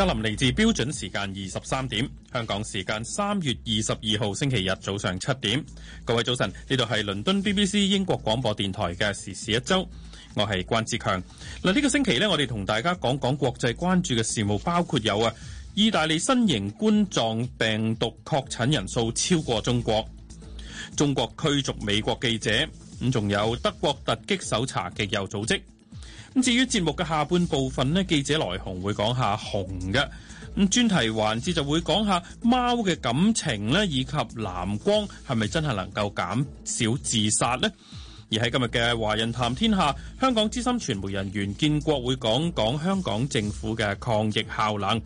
格林嚟自標準時間二十三點，香港時間三月二十二號星期日早上七點。各位早晨，呢度係倫敦 BBC 英國廣播電台嘅時事一周，我係關志強。嗱，呢、呢個星期咧，我哋同大家講講國際關注嘅事務，包括有啊，意大利新型冠狀病毒確診人數超過中國，中國驅逐美國記者，咁仲有德國突擊搜查極右組織。至於節目嘅下半部分咧，記者來紅會講下紅嘅，咁專題環節就會講下貓嘅感情咧，以及藍光係咪真係能夠減少自殺呢？而喺今日嘅《華人談天下》，香港資深傳媒人員建國會講講香港政府嘅抗疫效能。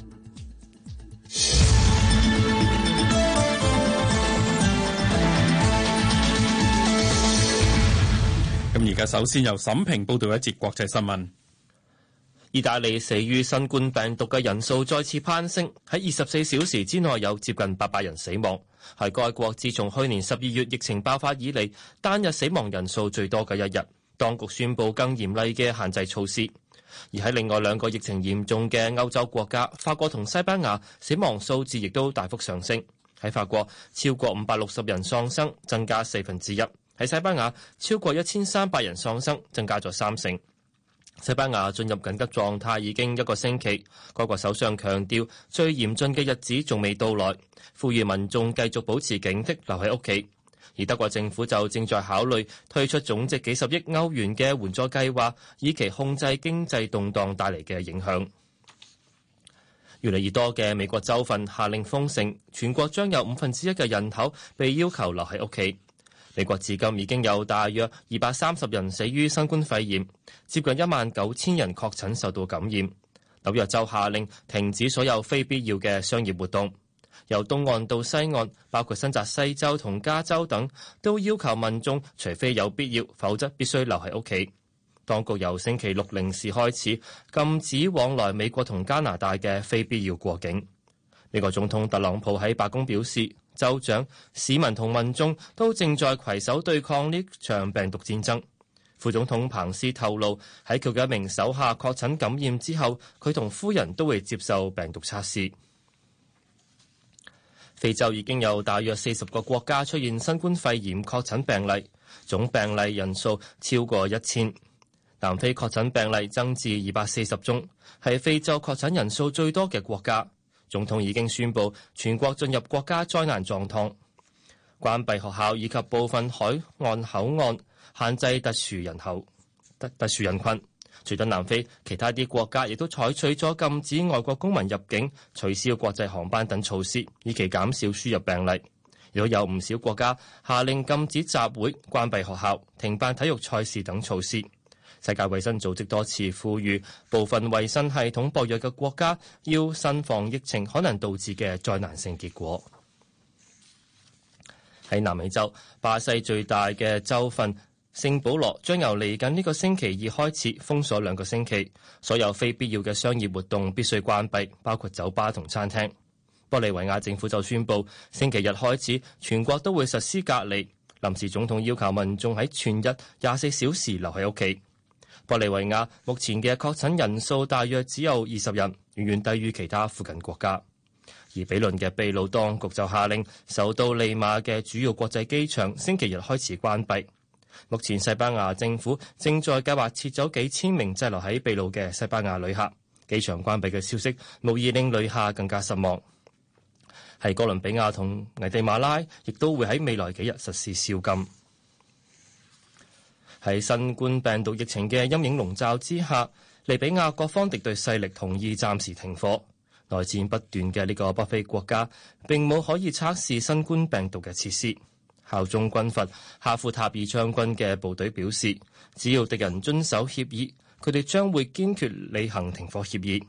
咁而家首先由沈平報道一節國際新聞。意大利死於新冠病毒嘅人數再次攀升，喺二十四小時之內有接近八百人死亡，係該國自從去年十二月疫情爆發以嚟單日死亡人數最多嘅一日。當局宣布更嚴厲嘅限制措施。而喺另外兩個疫情嚴重嘅歐洲國家法國同西班牙，死亡數字亦都大幅上升。喺法國超過五百六十人喪生，增加四分之一。喺西班牙，超過一千三百人喪生，增加咗三成。西班牙進入緊急狀態已經一個星期，該國首相強調最嚴峻嘅日子仲未到來，呼籲民眾繼續保持警惕，留喺屋企。而德國政府就正在考慮推出總值幾十億歐元嘅援助計劃，以期控制經濟動盪帶嚟嘅影響。越嚟越多嘅美國州份下令封城，全國將有五分之一嘅人口被要求留喺屋企。美國至今已經有大約二百三十人死於新冠肺炎，接近一萬九千人確診受到感染。紐約州下令停止所有非必要嘅商業活動，由東岸到西岸，包括新澤西州同加州等，都要求民眾除非有必要，否則必須留喺屋企。當局由星期六零時開始禁止往來美國同加拿大嘅非必要過境。美國總統特朗普喺白宮表示：州長、市民同民眾都正在攜手對抗呢場病毒戰爭。副總統彭斯透露，喺佢嘅一名手下確診感染之後，佢同夫人都會接受病毒測試。非洲已經有大約四十個國家出現新冠肺炎確診病例，總病例人數超過一千。南非確診病例增至二百四十宗，係非洲確診人數最多嘅國家。總統已經宣布全國進入國家災難狀態，關閉學校以及部分海岸口岸，限制特殊人口、特，特殊人群。除咗南非，其他啲國家亦都採取咗禁止外國公民入境、取消國際航班等措施，以期減少輸入病例。如果有唔少國家下令禁止集會、關閉學校、停辦體育賽事等措施。世界衞生組織多次呼籲部分衞生系統薄弱嘅國家要慎防疫情可能導致嘅災難性結果。喺南美洲，巴西最大嘅州份聖保羅將由嚟緊呢個星期二開始封鎖兩個星期，所有非必要嘅商業活動必須關閉，包括酒吧同餐廳。玻利維亞政府就宣布星期日開始全國都會實施隔離，臨時總統要求民眾喺全日廿四小時留喺屋企。玻利維亞目前嘅確診人數大約只有二十人，遠遠低於其他附近國家。而比鄰嘅秘魯當局就下令，首都利馬嘅主要國際機場星期日開始關閉。目前西班牙政府正在計劃撤走幾千名滯留喺秘魯嘅西班牙旅客。機場關閉嘅消息，無疑令旅客更加失望。喺哥倫比亞同危地馬拉，亦都會喺未來幾日實施宵禁。喺新冠病毒疫情嘅陰影籠罩之下，利比亞各方敵對勢力同意暫時停火。內戰不斷嘅呢個北非國家並冇可以測試新冠病毒嘅設施。效忠軍閥哈夫塔爾將軍嘅部隊表示，只要敵人遵守協議，佢哋將會堅決履行停火協議，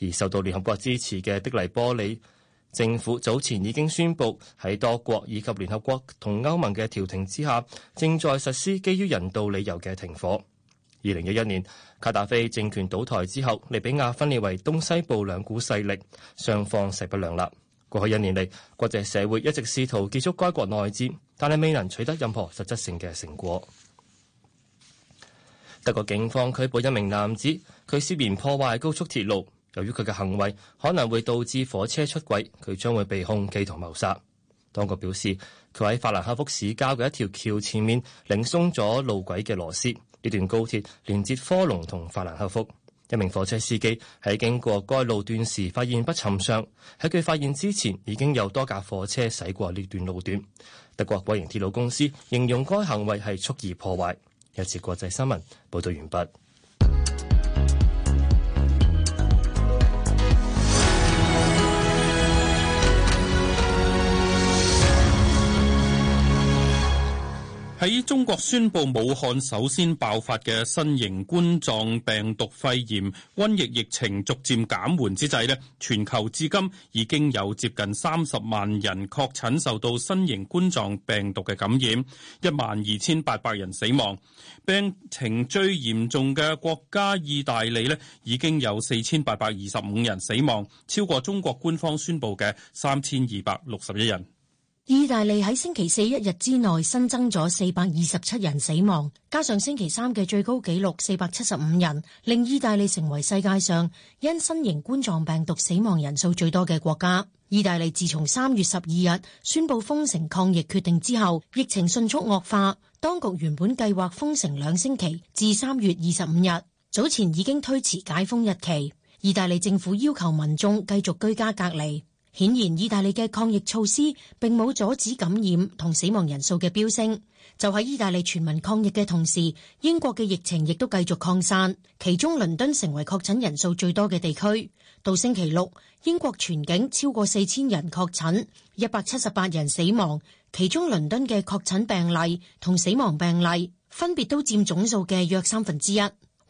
而受到聯合國支持嘅的黎波里，政府早前已經宣布喺多國以及聯合國同歐盟嘅調停之下，正在實施基於人道理由嘅停火。二零一一年卡達菲政權倒台之後，利比亞分裂為東西部兩股勢力，雙方勢不兩立。過去一年嚟，國際社會一直試圖結束該國內戰，但係未能取得任何實質性嘅成果。德國警方拘捕一名男子，佢涉嫌破壞高速鐵路。由於佢嘅行為可能會導致火車出軌，佢將會被控企圖謀殺。當局表示，佢喺法蘭克福市郊嘅一條橋前面擰鬆咗路軌嘅螺絲。呢段高鐵連接科隆同法蘭克福。一名火車司機喺經過該路段時發現不尋常，喺佢發現之前已經有多架火車駛過呢段路段。德國國營鐵路公司形容該行為係蓄意破壞。一節國際新聞報道完畢。喺中國宣布武漢首先爆發嘅新型冠狀病毒肺炎瘟疫疫情逐漸減緩之際呢，全球至今已經有接近三十萬人確診受到新型冠狀病毒嘅感染，一萬二千八百人死亡。病情最嚴重嘅國家意大利呢，已經有四千八百二十五人死亡，超過中國官方宣布嘅三千二百六十一人。意大利喺星期四一日之內新增咗四百二十七人死亡，加上星期三嘅最高紀錄四百七十五人，令意大利成為世界上因新型冠狀病毒死亡人數最多嘅國家。意大利自從三月十二日宣布封城抗疫決定之後，疫情迅速惡化。當局原本計劃封城兩星期至，至三月二十五日，早前已經推遲解封日期。意大利政府要求民眾繼續居家隔離。顯然，意大利嘅抗疫措施並冇阻止感染同死亡人數嘅飆升。就喺意大利全民抗疫嘅同時，英國嘅疫情亦都繼續擴散，其中倫敦成為確診人數最多嘅地區。到星期六，英國全境超過四千人確診，一百七十八人死亡。其中倫敦嘅確診病例同死亡病例分別都佔總數嘅約三分之一。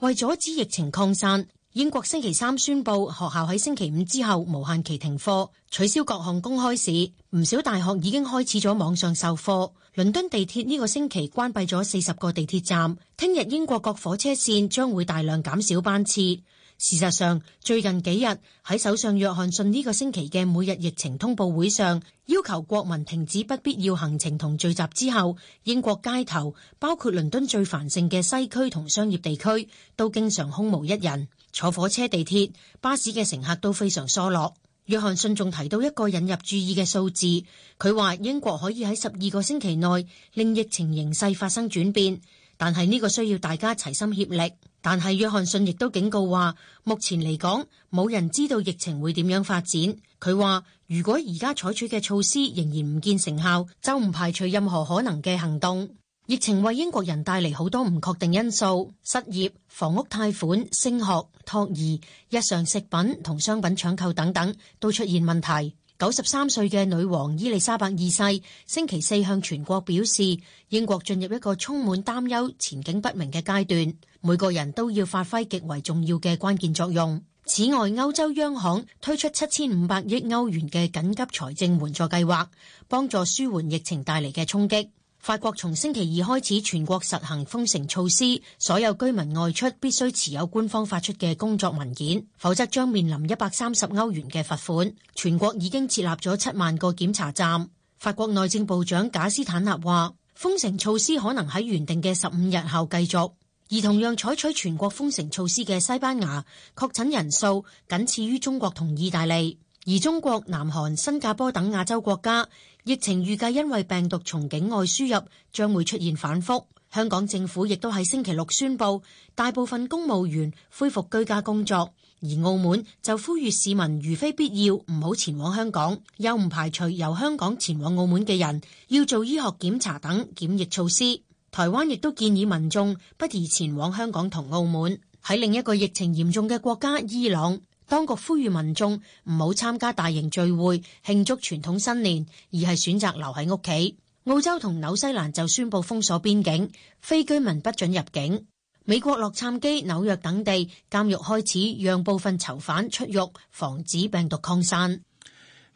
為阻止疫情擴散，英國星期三宣布，學校喺星期五之後無限期停課，取消各項公開試。唔少大學已經開始咗網上授課。倫敦地鐵呢個星期關閉咗四十個地鐵站，聽日英國各火車綫將會大量減少班次。事實上，最近幾日喺首相約翰遜呢個星期嘅每日疫情通報會上，要求國民停止不必要行程、同聚集之後，英國街頭，包括倫敦最繁盛嘅西區同商業地區，都經常空無一人。坐火車、地鐵、巴士嘅乘客都非常疏落。約翰遜仲提到一個引人注意嘅數字，佢話英國可以喺十二個星期內令疫情形勢發生轉變，但係呢個需要大家齊心協力。但係約翰遜亦都警告話，目前嚟講冇人知道疫情會點樣發展。佢話如果而家採取嘅措施仍然唔見成效，就唔排除任何可能嘅行動。疫情為英國人帶嚟好多唔確定因素，失業、房屋貸款、升學、托兒、日常食品同商品搶購等等都出現問題。九十三歲嘅女王伊麗莎白二世星期四向全國表示，英國進入一個充滿擔憂、前景不明嘅階段，每個人都要發揮極為重要嘅關鍵作用。此外，歐洲央行推出七千五百億歐元嘅緊急財政援助計劃，幫助舒緩疫情帶嚟嘅衝擊。法國從星期二開始全國實行封城措施，所有居民外出必須持有官方發出嘅工作文件，否則將面臨一百三十歐元嘅罰款。全國已經設立咗七萬個檢查站。法國內政部長卡斯坦納話：封城措施可能喺原定嘅十五日後繼續。而同樣採取全國封城措施嘅西班牙，確診人數僅次於中國同意大利，而中國、南韓、新加坡等亞洲國家，疫情預計因為病毒從境外輸入，將會出現反覆，香港政府亦都喺星期六宣布，大部分公務員恢復居家工作，而澳門就呼籲市民如非必要唔好前往香港，又唔排除由香港前往澳門嘅人要做醫學檢查等檢疫措施。台灣亦都建議民眾不宜前往香港同澳門，喺另一個疫情嚴重嘅國家伊朗，當局呼籲民眾唔好參加大型聚會，慶祝傳統新年，而係選擇留喺屋企。澳洲同紐西蘭就宣布封鎖邊境，非居民不准入境。美國洛杉磯、紐約等地監獄開始讓部分囚犯出獄，防止病毒擴散。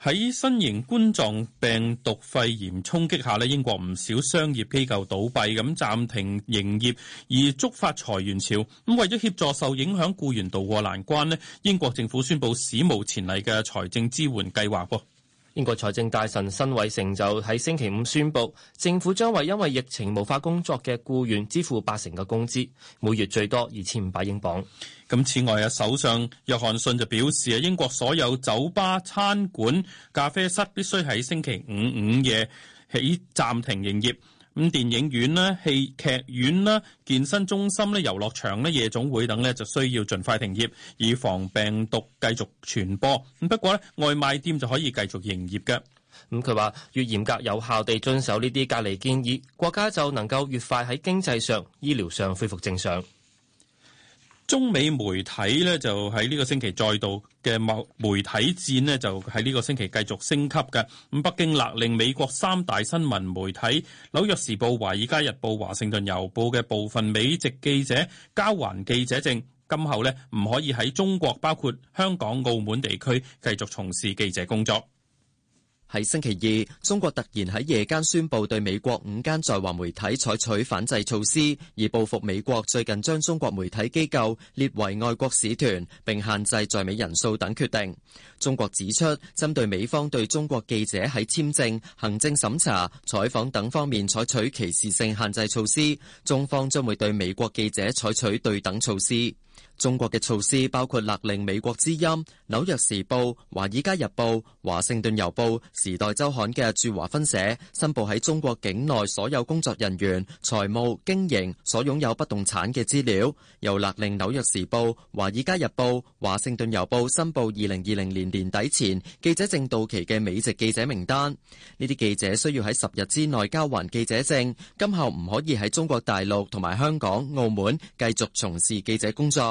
喺新型冠狀病毒肺炎衝擊下咧，英國唔少商業機構倒閉咁暫停營業，而觸發裁員潮。咁為咗協助受影響僱員渡過難關呢，英國政府宣布史無前例嘅財政支援計劃喎。英國財政大臣辛偉誠就喺星期五宣布，政府將為因為疫情無法工作嘅僱員支付八成嘅工資，每月最多二千五百英鎊。咁此外啊，首相約翰遜就表示啊，英國所有酒吧、餐館、咖啡室必須喺星期五午夜起暫停營業。咁電影院咧、戲劇院啦、健身中心咧、遊樂場咧、夜總會等咧，就需要盡快停業，以防病毒繼續傳播。不過咧，外賣店就可以繼續營業嘅。咁佢話越嚴格有效地遵守呢啲隔離建議，國家就能夠越快喺經濟上、醫療上恢復正常。中美媒體咧就喺呢個星期再度嘅媒媒體戰呢，就喺呢個星期繼續升級嘅。咁北京勒令美國三大新聞媒體《紐約時報》、《華爾街日報》、《華盛頓郵報》嘅部分美籍記者交還記者證，今後咧唔可以喺中國包括香港、澳門地區繼續從事記者工作。喺星期二，中國突然喺夜間宣布對美國五間在華媒體採取反制措施，而報復美國最近將中國媒體機構列為外國使團，並限制在美人數等決定。中國指出，針對美方對中國記者喺簽證、行政審查、採訪等方面採取歧視性限制措施，中方將會對美國記者採取對等措施。中國嘅措施包括勒令美國之音、紐約時報、華爾街日報、華盛頓郵報、時代周刊嘅駐華分社申報喺中國境內所有工作人員、財務、經營所擁有不動產嘅資料；又勒令紐約時報、華爾街日報、華盛頓郵報申報二零二零年年底前記者證到期嘅美籍記者名單。呢啲記者需要喺十日之內交還記者證，今後唔可以喺中國大陸同埋香港、澳門繼續從事記者工作。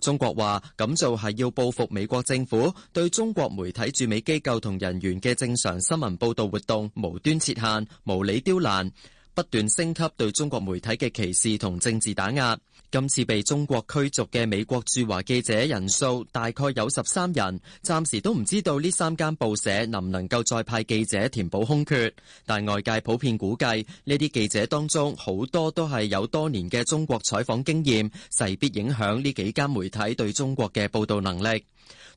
中國話，咁做係要報復美國政府對中國媒體駐美機構同人員嘅正常新聞報道活動無端設限、無理刁難，不斷升級對中國媒體嘅歧視同政治打壓。今次被中國驅逐嘅美國駐華記者人數大概有十三人，暫時都唔知道呢三間報社能唔能夠再派記者填補空缺。但外界普遍估計，呢啲記者當中好多都係有多年嘅中國採訪經驗，勢必影響呢幾間媒體對中國嘅報道能力。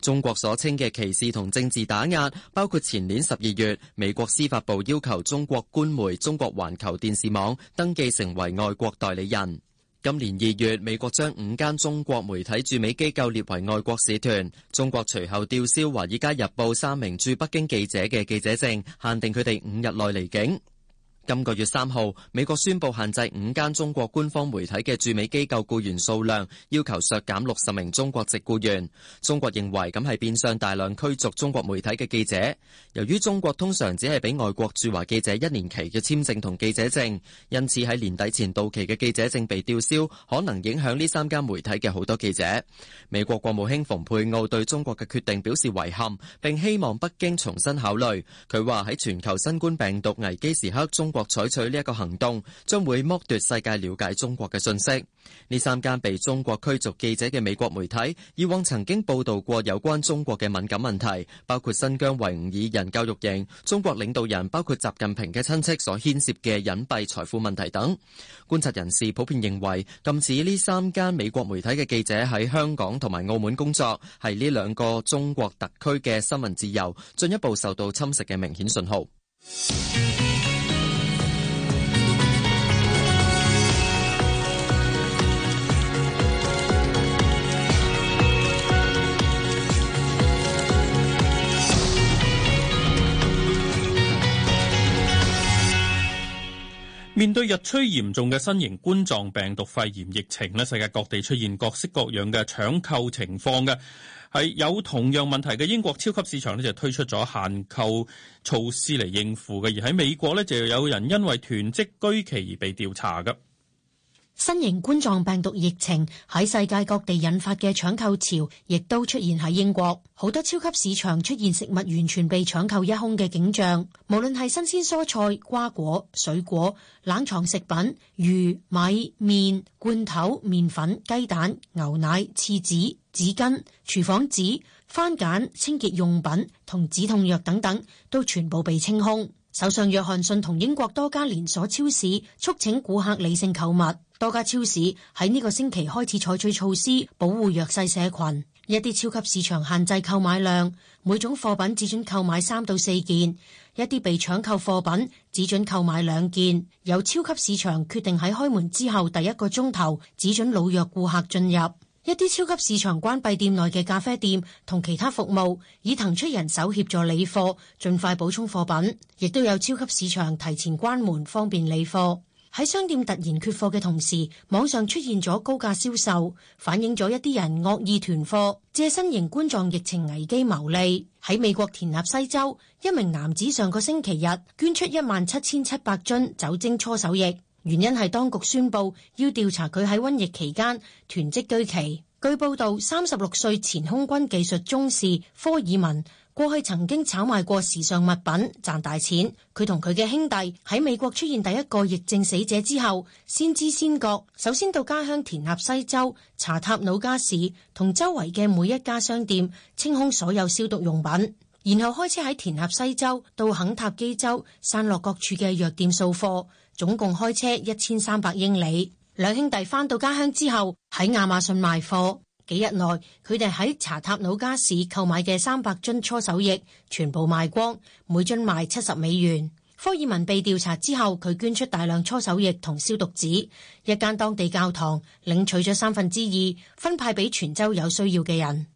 中國所稱嘅歧視同政治打壓，包括前年十二月美國司法部要求中國官媒、中國環球電視網登記成為外國代理人。今年二月，美國將五間中國媒體駐美機構列為外國使團。中國隨後吊銷《華爾街日報》三名駐北京記者嘅記者證，限定佢哋五日內離境。今個月三號，美國宣布限制五間中國官方媒體嘅駐美機構僱員數量，要求削減六十名中國籍僱員。中國認為咁係變相大量驅逐中國媒體嘅記者。由於中國通常只係俾外國駐華記者一年期嘅簽證同記者證，因此喺年底前到期嘅記者證被吊銷，可能影響呢三間媒體嘅好多記者。美國國務卿蓬佩奧對中國嘅決定表示遺憾，并希望北京重新考慮。佢話喺全球新冠病毒危機時刻，中國採取呢一個行動，將會剝奪世界了解中國嘅信息。呢三間被中國驅逐記者嘅美國媒體，以往曾經報道過有關中國嘅敏感問題，包括新疆維吾爾人教育營、中國領導人包括習近平嘅親戚所牽涉嘅隱蔽財富問題等。觀察人士普遍認為，禁止呢三間美國媒體嘅記者喺香港同埋澳門工作，係呢兩個中國特區嘅新聞自由進一步受到侵蝕嘅明顯信號。面對日趨嚴重嘅新型冠狀病毒肺炎疫情呢，世界各地出現各式各樣嘅搶購情況嘅，係有同樣問題嘅英國超級市場呢就推出咗限購措施嚟應付嘅，而喺美國呢就有人因為囤積居奇而被調查嘅。新型冠狀病毒疫情喺世界各地引發嘅搶購潮，亦都出現喺英國。好多超級市場出現食物完全被搶購一空嘅景象，無論係新鮮蔬菜、瓜果、水果、冷藏食品、魚、米、麵、罐頭、麵粉、雞蛋、牛奶、廁紙、紙巾、廚房紙、番鹼、清潔用品同止痛藥等等，都全部被清空。首相約翰遜同英國多家連鎖超市促請顧客理性購物。多家超市喺呢個星期開始採取措施，保護弱勢社群，一啲超級市場限制購買量，每種貨品只准購買三到四件；一啲被搶購貨品只准購買兩件。有超級市場決定喺開門之後第一個鐘頭只准老弱顧客進入。一啲超級市場關閉店內嘅咖啡店同其他服務，以騰出人手協助理貨，盡快補充貨品。亦都有超級市場提前關門，方便理貨。喺商店突然缺貨嘅同時，網上出現咗高價銷售，反映咗一啲人惡意囤貨，借新型冠狀疫情危機牟利。喺美國田納西州，一名男子上個星期日捐出一萬七千七百樽酒精搓手液，原因係當局宣布要調查佢喺瘟疫期間囤積居奇。據報道，三十六歲前空軍技術中士科爾文過去曾經炒賣過時尚物品賺大錢，佢同佢嘅兄弟喺美國出現第一個疫症死者之後，先知先覺，首先到家鄉田納西州查塔努加市同周圍嘅每一家商店清空所有消毒用品，然後開車喺田納西州到肯塔基州散落各處嘅藥店掃貨，總共開車一千三百英里。兩兄弟返到家鄉之後喺亞馬遜賣貨。幾日內，佢哋喺查塔努加市購買嘅三百樽搓手液全部賣光，每樽賣七十美元。科爾文被調查之後，佢捐出大量搓手液同消毒紙，一間當地教堂領取咗三分之二，分派俾全州有需要嘅人。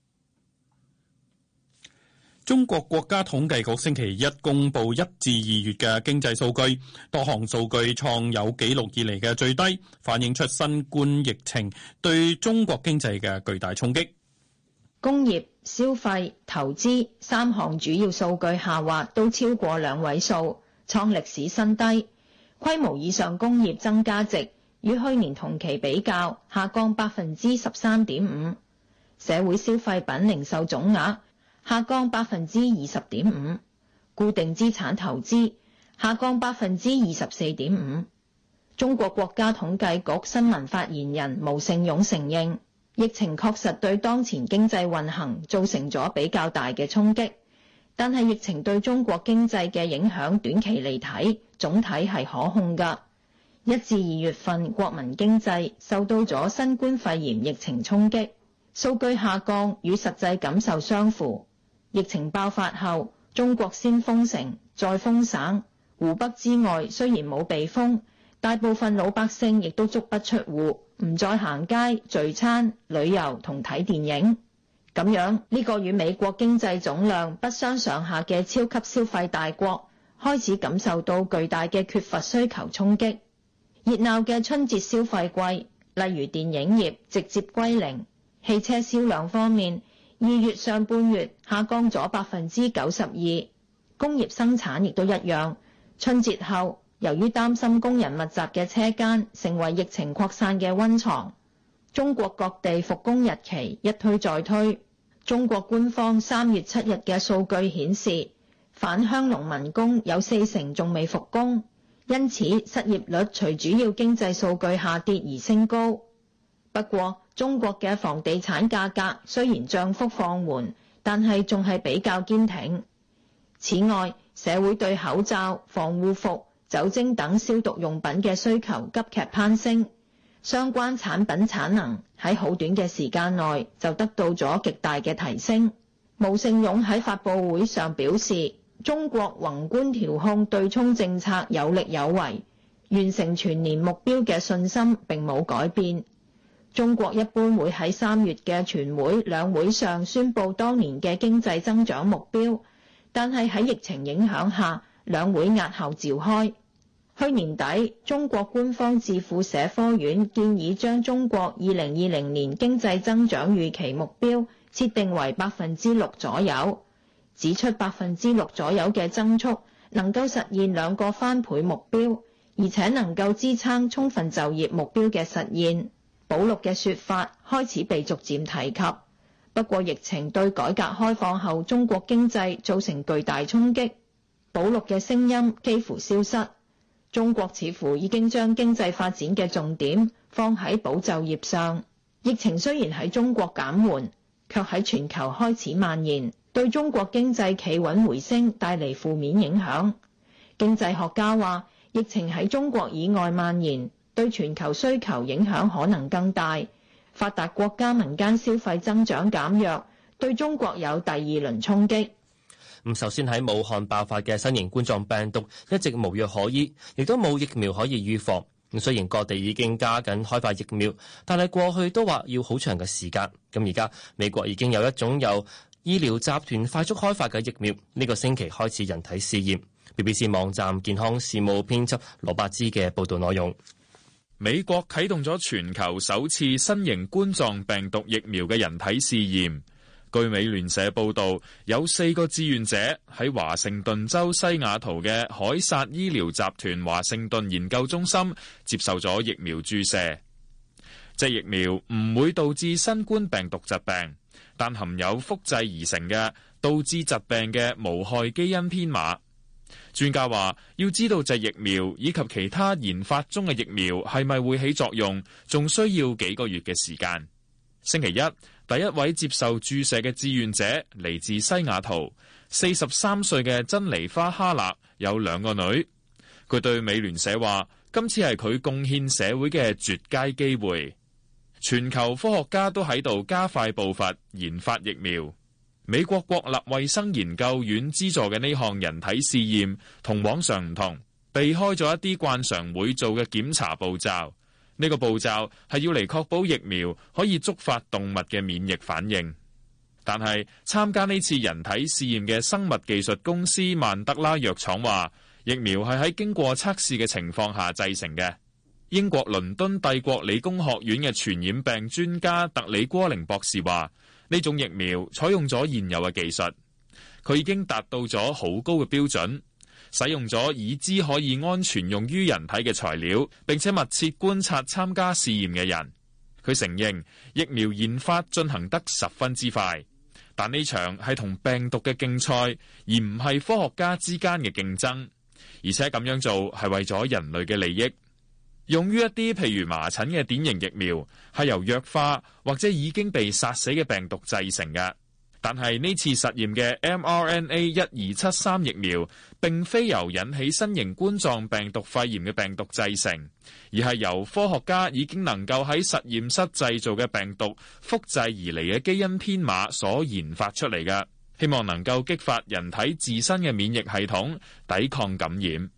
中國國家統計局星期一公佈一至二月嘅經濟數據，多項數據創有紀錄以來嘅最低，反映出新冠疫情對中國經濟嘅巨大衝擊。工業、消費、投資三項主要數據下滑都超過兩位數，創歷史新低。規模以上工業增加值與去年同期比較下降百分之十三點五，社會消費品零售總額，下降百分之二十點五，固定資產投資下降百分之二十四點五。中國國家統計局新聞發言人毛盛勇承認疫情確實對當前經濟運行造成咗比較大嘅衝擊，但係疫情對中國經濟嘅影響短期嚟睇總體係可控噶。一至二月份國民經濟受到咗新冠肺炎疫情衝擊，數據下降與實際感受相符。疫情爆發後，中國先封城，再封省。湖北之外雖然冇被封，大部分老百姓亦都足不出戶，唔再行街、聚餐、旅遊同睇電影。咁樣呢個與美國經濟總量不相上下嘅超級消費大國，開始感受到巨大嘅缺乏需求衝擊。熱鬧嘅春節消費季，例如電影業直接歸零，汽車銷量方面，二月上半月下降咗百分之九十二，工業生產亦都一樣。春節後，由於擔心工人密集嘅車間成為疫情擴散嘅溫床，中國各地復工日期一推再推。中國官方三月七日嘅數據顯示，返鄉農民工有四成仲未復工，因此失業率隨主要經濟數據下跌而升高。不過，中國嘅房地產價格雖然漲幅放緩，但係仲係比較堅挺。此外，社會對口罩、防護服、酒精等消毒用品嘅需求急劇攀升，相關產品產能喺好短嘅時間內就得到咗極大嘅提升。毛盛勇喺發佈會上表示，中國宏觀調控對沖政策有力有為，完成全年目標嘅信心並冇改變。中國一般會喺三月嘅全會兩會上宣布當年嘅經濟增長目標，但係喺疫情影響下，兩會押後召開。去年底，中國官方智庫社科院建議將中國二零二零年經濟增長預期目標設定為百分之六左右，指出百分之六左右嘅增速能夠實現兩個翻倍目標，而且能夠支撐充分就業目標嘅實現。保六嘅說法開始被逐漸提及，不過疫情對改革開放後中國經濟造成巨大衝擊，保六嘅聲音幾乎消失。中國似乎已經將經濟發展嘅重點放喺保就業上。疫情雖然喺中國減緩，卻喺全球開始蔓延，對中國經濟企穩回升帶嚟負面影響。經濟學家話，疫情喺中國以外蔓延。對全球需求影響可能更大，發達國家民間消費增長減弱，對中國有第二輪衝擊。咁，首先喺武漢爆發嘅新型冠狀病毒一直無藥可醫，亦都冇疫苗可以預防。咁雖然各地已經加緊開發疫苗，但係過去都話要好長嘅時間。咁而家美國已經有一種由醫療集團快速開發嘅疫苗，呢個星期開始人體試驗。BBC 網站健康事務編輯羅伯茲嘅報道內容。美國啟動咗全球首次新型冠狀病毒疫苗嘅人體試驗。據美聯社報道，有四個志願者喺華盛頓州西雅圖嘅凱撒醫療集團華盛頓研究中心接受咗疫苗注射。即、這個、疫苗唔會導致新冠病毒疾病，但含有複製而成嘅導致疾病嘅無害基因編碼。專家話要知道隻疫苗以及其他研發中嘅疫苗係咪會起作用，仲需要幾個月嘅時間。星期一，第一位接受注射嘅志願者嚟自西雅圖，四十三歲嘅珍妮花哈納有兩個女。佢對美聯社話：今次係佢貢獻社會嘅絕佳機會。全球科學家都喺度加快步伐研發疫苗。美國國立衛生研究院資助嘅呢項人體試驗同往常唔同，避開咗一啲慣常會做嘅檢查步驟。呢、這個步驟係要嚟確保疫苗可以觸發動物嘅免疫反應。但係參加呢次人體試驗嘅生物技術公司曼德拉藥廠話，疫苗係喺經過測試嘅情況下製成嘅。英國倫敦帝國理工學院嘅傳染病專家特里郭寧博士話。呢種疫苗採用咗現有嘅技術，佢已經達到咗好高嘅標準，使用咗已知可以安全用於人體嘅材料，並且密切觀察參加試驗嘅人。佢承認疫苗研發進行得十分之快，但呢場係同病毒嘅競賽，而唔係科學家之間嘅競爭，而且咁樣做係為咗人類嘅利益。用於一啲譬如麻疹嘅典型疫苗，係由弱化或者已經被殺死嘅病毒製成嘅。但係呢次實驗嘅 mRNA 一二七三疫苗，並非由引起新型冠狀病毒肺炎嘅病毒製成，而係由科學家已經能夠喺實驗室製造嘅病毒複製而嚟嘅基因編碼所研發出嚟嘅，希望能夠激發人體自身嘅免疫系統，抵抗感染。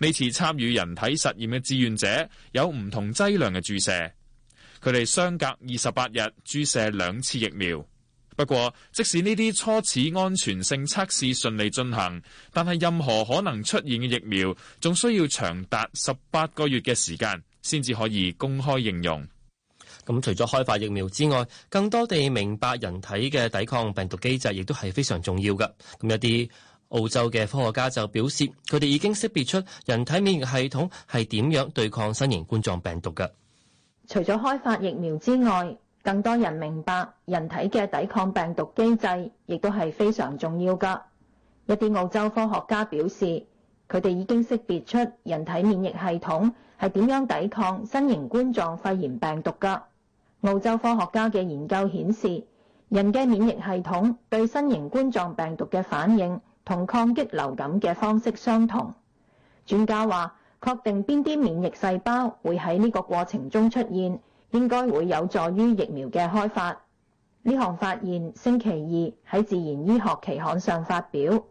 呢次參與人體實驗嘅志願者有唔同劑量嘅注射，佢哋相隔二十八日注射兩次疫苗。不過，即使呢啲初始安全性測試順利進行，但係任何可能出現嘅疫苗，仲需要長達十八個月嘅時間先至可以公開應用。咁除咗開發疫苗之外，更多地明白人體嘅抵抗病毒機制，亦都係非常重要嘅。咁一啲。澳洲嘅科學家就表示，佢哋已經識別出人體免疫系統係點樣對抗新型冠狀病毒嘅。除咗開發疫苗之外，更多人明白人體嘅抵抗病毒機制，亦都係非常重要㗎。一啲澳洲科學家表示，佢哋已經識別出人體免疫系統係點樣抵抗新型冠狀肺炎病毒㗎。澳洲科學家嘅研究顯示，人嘅免疫系統對新型冠狀病毒嘅反應，同抗擊流感嘅方式相同，專家話確定邊啲免疫細胞會喺呢個過程中出現，應該會有助於疫苗嘅開發。呢項發現星期二喺《自然醫學》期刊上發表。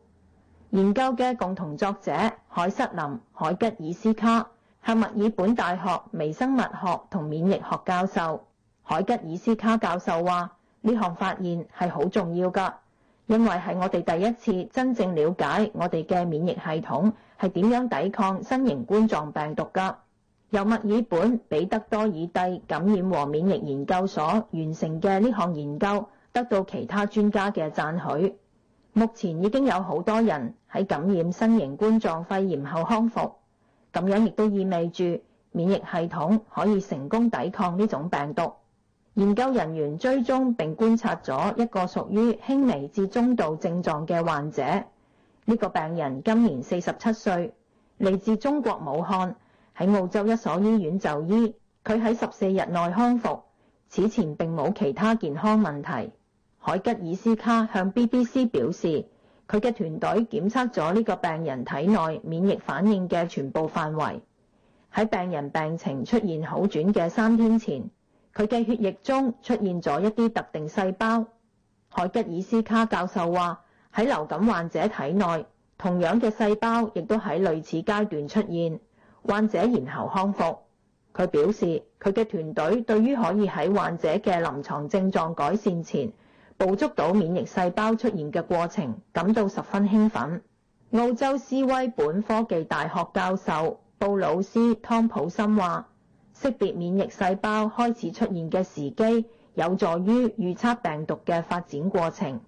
研究嘅共同作者海瑟琳·海吉爾斯卡係墨爾本大學微生物學同免疫學教授。海吉爾斯卡教授話：呢項發現係好重要㗎。因為係我哋第一次真正了解我哋嘅免疫系統係點樣抵抗新型冠狀病毒㗎。由墨爾本彼得多爾蒂感染和免疫研究所完成嘅呢項研究，得到其他專家嘅讚許。目前已經有好多人喺感染新型冠狀肺炎後康復，咁樣亦都意味住免疫系統可以成功抵抗呢種病毒。研究人員追蹤並觀察咗一個屬於輕微至中度症狀嘅患者。呢個病人今年四十七歲，嚟自中國武漢，喺澳洲一所醫院就醫。佢喺十四日內康復，此前並冇其他健康問題。海吉爾斯卡向 BBC 表示，佢嘅團隊檢測咗呢個病人體內免疫反應嘅全部範圍。喺病人病情出現好轉嘅三天前，佢嘅血液中出現咗一啲特定細胞，海吉爾斯卡教授話：喺流感患者體內，同樣嘅細胞亦都喺類似階段出現，患者然後康復。佢表示，佢嘅團隊對於可以喺患者嘅臨床症狀改善前捕捉到免疫細胞出現嘅過程，感到十分興奮。澳洲斯威本科技大學教授布魯斯湯普森話。識別免疫細胞開始出現嘅時機，有助於預測病毒嘅發展過程。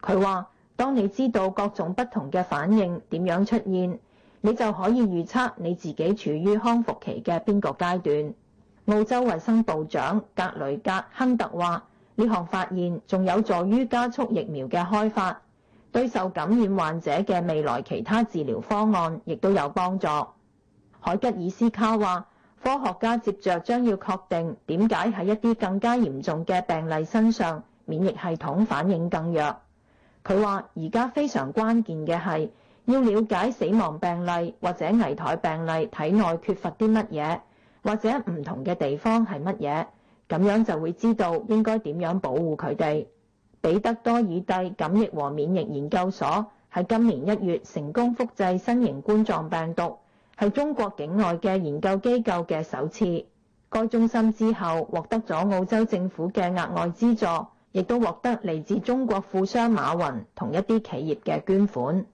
佢話，當你知道各種不同嘅反應點樣出現，你就可以預測你自己處於康復期嘅邊個階段。澳洲衛生部長格雷格亨特話，呢項發現仲有助於加速疫苗嘅開發，對受感染患者嘅未來其他治療方案亦都有幫助。海吉爾斯卡話。科學家接着將要確定點解喺一啲更加嚴重嘅病例身上，免疫系統反應更弱。佢話：而家非常關鍵嘅係要了解死亡病例或者危殆病例體內缺乏啲乜嘢，或者唔同嘅地方係乜嘢，咁樣就會知道應該點樣保護佢哋。彼得多爾蒂感染和免疫研究所喺今年一月成功複製新型冠狀病毒。係中國境外嘅研究機構嘅首次。該中心之後獲得咗澳洲政府嘅額外資助，亦都獲得嚟自中國富商馬雲同一啲企業嘅捐款。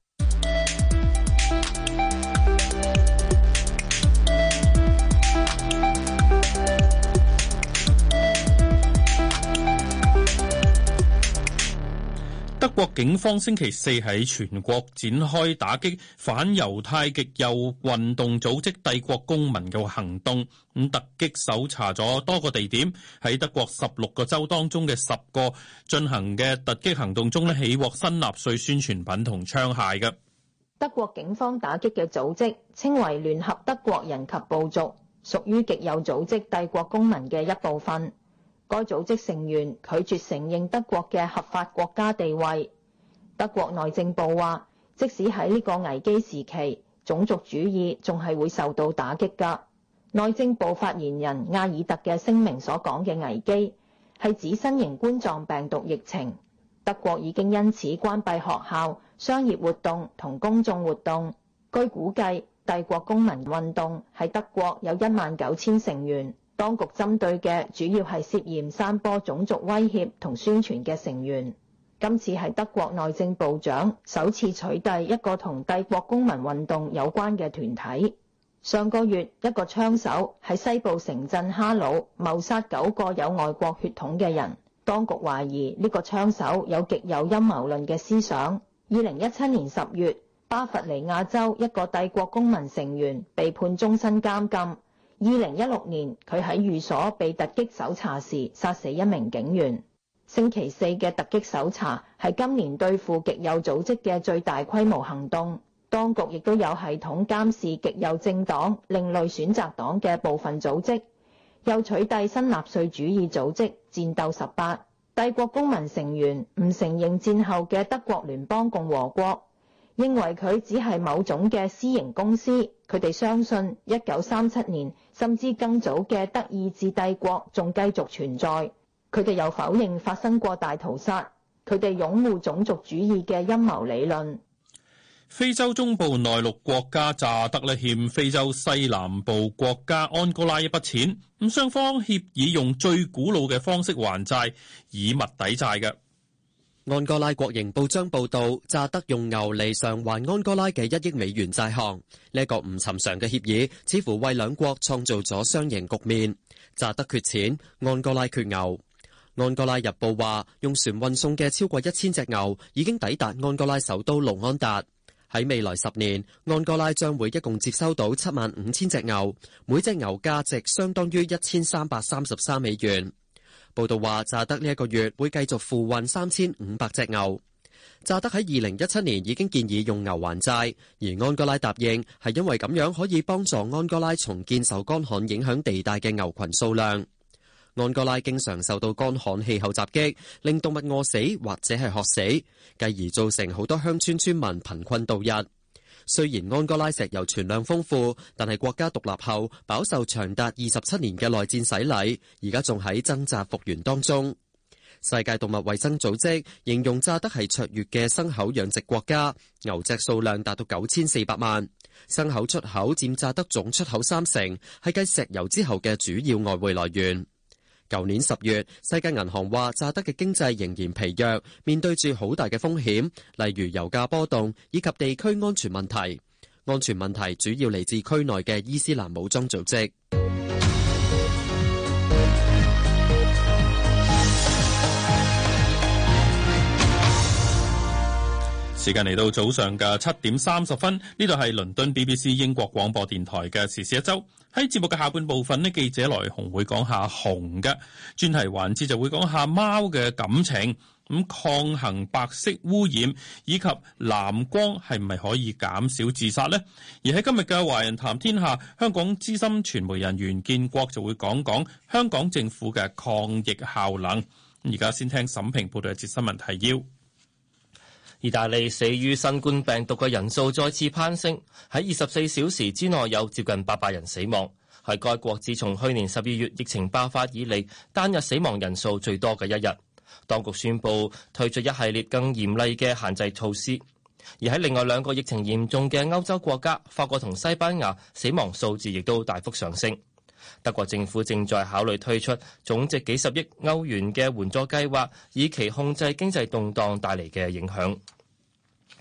德國警方星期四喺全國展開打擊反猶太極右運動組織帝國公民嘅行動，咁突擊搜查咗多個地點，喺德國十六個州當中嘅十個進行嘅突擊行動中咧，起獲新納粹宣傳品同槍械嘅。德國警方打擊嘅組織稱為聯合德國人及部族，屬於極右組織帝國公民嘅一部分。該組織成員拒絕承認德國嘅合法國家地位。德國內政部話，即使喺呢個危機時期，種族主義仲係會受到打擊㗎。內政部發言人阿爾特嘅聲明所講嘅危機係指新型冠狀病毒疫情。德國已經因此關閉學校、商業活動同公眾活動。據估計，帝國公民運動喺德國有一萬九千成員。當局針對嘅主要係涉嫌散播種族威脅同宣傳嘅成員。今次係德國內政部長首次取締一個同帝國公民運動有關嘅團體。上個月，一個槍手喺西部城鎮哈魯謀殺九個有外國血統嘅人。當局懷疑呢個槍手有極右陰謀論嘅思想。二零一七年十月，巴伐利亞州一個帝國公民成員被判終身監禁。二零一六年，佢喺寓所被突擊搜查時殺死一名警員。星期四嘅突擊搜查係今年對付極右組織嘅最大規模行動。當局亦都有系統監視極右政黨、另類選擇黨嘅部分組織，又取締新納粹主義組織戰鬥十八。帝國公民成員唔承認戰後嘅德國聯邦共和國。認為佢只係某種嘅私營公司，佢哋相信一九三七年甚至更早嘅德意志帝國仲繼續存在，佢哋又否認發生過大屠殺，佢哋擁護種族主義嘅陰謀理論。非洲中部內陸國家乍得咧欠非洲西南部國家安哥拉一筆錢，咁雙方協議用最古老嘅方式還債，以物抵債嘅。安哥拉國營報章報導，乍得用牛嚟償還安哥拉嘅一億美元債項。呢個唔尋常嘅協議，似乎為兩國創造咗雙贏局面。乍得缺錢，安哥拉缺牛。安哥拉日報話，用船運送嘅超過一千隻牛已經抵達安哥拉首都盧安達。喺未來十年，安哥拉將會一共接收到七萬五千隻牛，每隻牛價值相當於一千三百三十三美元。報道話，乍得呢一個月會繼續付運三千五百隻牛。乍得喺二零一七年已經建議用牛還債，而安哥拉答應係因為咁樣可以幫助安哥拉重建受乾旱影響地帶嘅牛群數量。安哥拉經常受到乾旱氣候襲擊，令動物餓死或者係渴死，繼而造成好多鄉村村民貧困度日。雖然安哥拉石油存量豐富，但係國家獨立後飽受長達二十七年嘅內戰洗禮，而家仲喺掙扎復原當中。世界動物衛生組織形容乍得係卓越嘅牲口養殖國家，牛隻數量達到九千四百萬，牲口出口佔乍得總出口三成，係繼石油之後嘅主要外匯來源。舊年十月，世界銀行話，乍得嘅經濟仍然疲弱，面對住好大嘅風險，例如油價波動以及地區安全問題。安全問題主要嚟自區內嘅伊斯蘭武裝組織。時間嚟到早上嘅七點三十分，呢度係倫敦 BBC 英國廣播電台嘅時事一周。喺節目嘅下半部分呢，記者來紅會講下紅嘅專題環節，就會講下貓嘅感情，咁抗衡白色污染以及藍光係唔係可以減少自殺呢？而喺今日嘅《華人談天下》，香港資深傳媒人袁建國就會講講香港政府嘅抗疫效能。而家先聽沈平報道嘅最新新聞提要。意大利死於新冠病毒嘅人數再次攀升，喺二十四小時之內有接近八百人死亡，係該國自從去年十二月疫情爆發以嚟單日死亡人數最多嘅一日。當局宣布推出一系列更嚴厲嘅限制措施，而喺另外兩個疫情嚴重嘅歐洲國家法國同西班牙，死亡數字亦都大幅上升。德國政府正在考慮推出總值幾十億歐元嘅援助計劃，以期控制經濟動盪帶嚟嘅影響。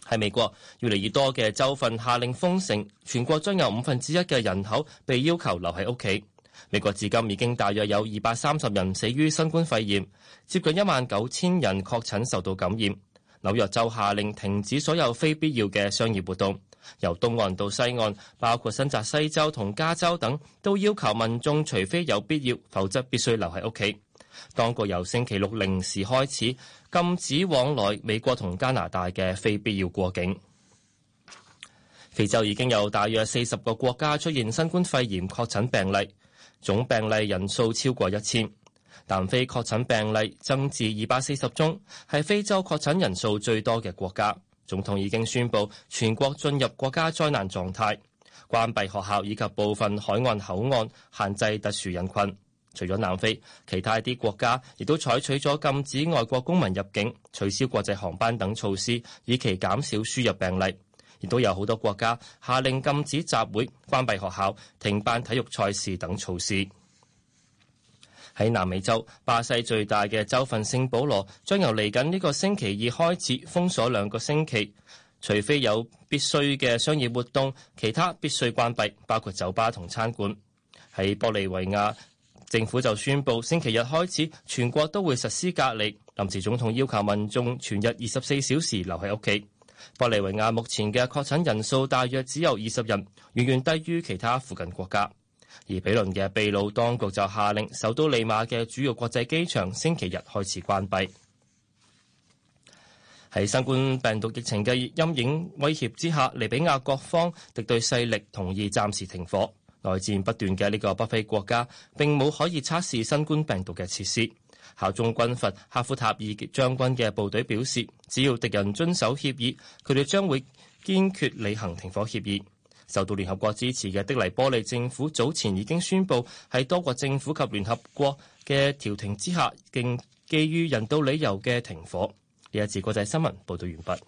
喺美國，越嚟越多嘅州份下令封城，全國將有五分之一嘅人口被要求留喺屋企。美國至今已經大約有二百三十人死於新冠肺炎，接近一萬九千人確診受到感染。紐約州下令停止所有非必要嘅商業活動。由東岸到西岸，包括新澤西州同加州等，都要求民眾除非有必要，否則必須留喺屋企。當局由星期六零時開始禁止往來美國同加拿大嘅非必要過境。非洲已經有大約四十個國家出現新冠肺炎確診病例，總病例人數超過一千。南非確診病例增至二百四十宗，係非洲確診人數最多嘅國家。總統已經宣布全國進入國家災難狀態，關閉學校以及部分海岸口岸，限制特殊人群。除咗南非，其他一啲國家亦都採取咗禁止外國公民入境、取消國際航班等措施，以期減少輸入病例。亦都有好多國家下令禁止集會、關閉學校、停辦體育賽事等措施。喺南美洲，巴西最大嘅州份聖保羅將由嚟緊呢個星期二開始封鎖兩個星期，除非有必須嘅商業活動，其他必須關閉，包括酒吧同餐館。喺玻利維亞，政府就宣布星期日開始，全國都會實施隔離，臨時總統要求民眾全日二十四小時留喺屋企。玻利維亞目前嘅確診人數大約只有二十人，遠遠低於其他附近國家。而比鄰嘅秘魯當局就下令首都利馬嘅主要國際機場星期日開始關閉。喺新冠病毒疫情嘅陰影威脅之下，利比亞各方敵對勢力同意暫時停火。內戰不斷嘅呢個北非國家並冇可以測試新冠病毒嘅設施。效忠軍閥哈夫塔爾將軍嘅部隊表示，只要敵人遵守協議，佢哋將會堅決履行停火協議。受到聯合國支持嘅的黎波里政府早前已經宣布，喺多國政府及聯合國嘅調停之下，並基於人道理由嘅停火。呢一次國際新聞報道完畢。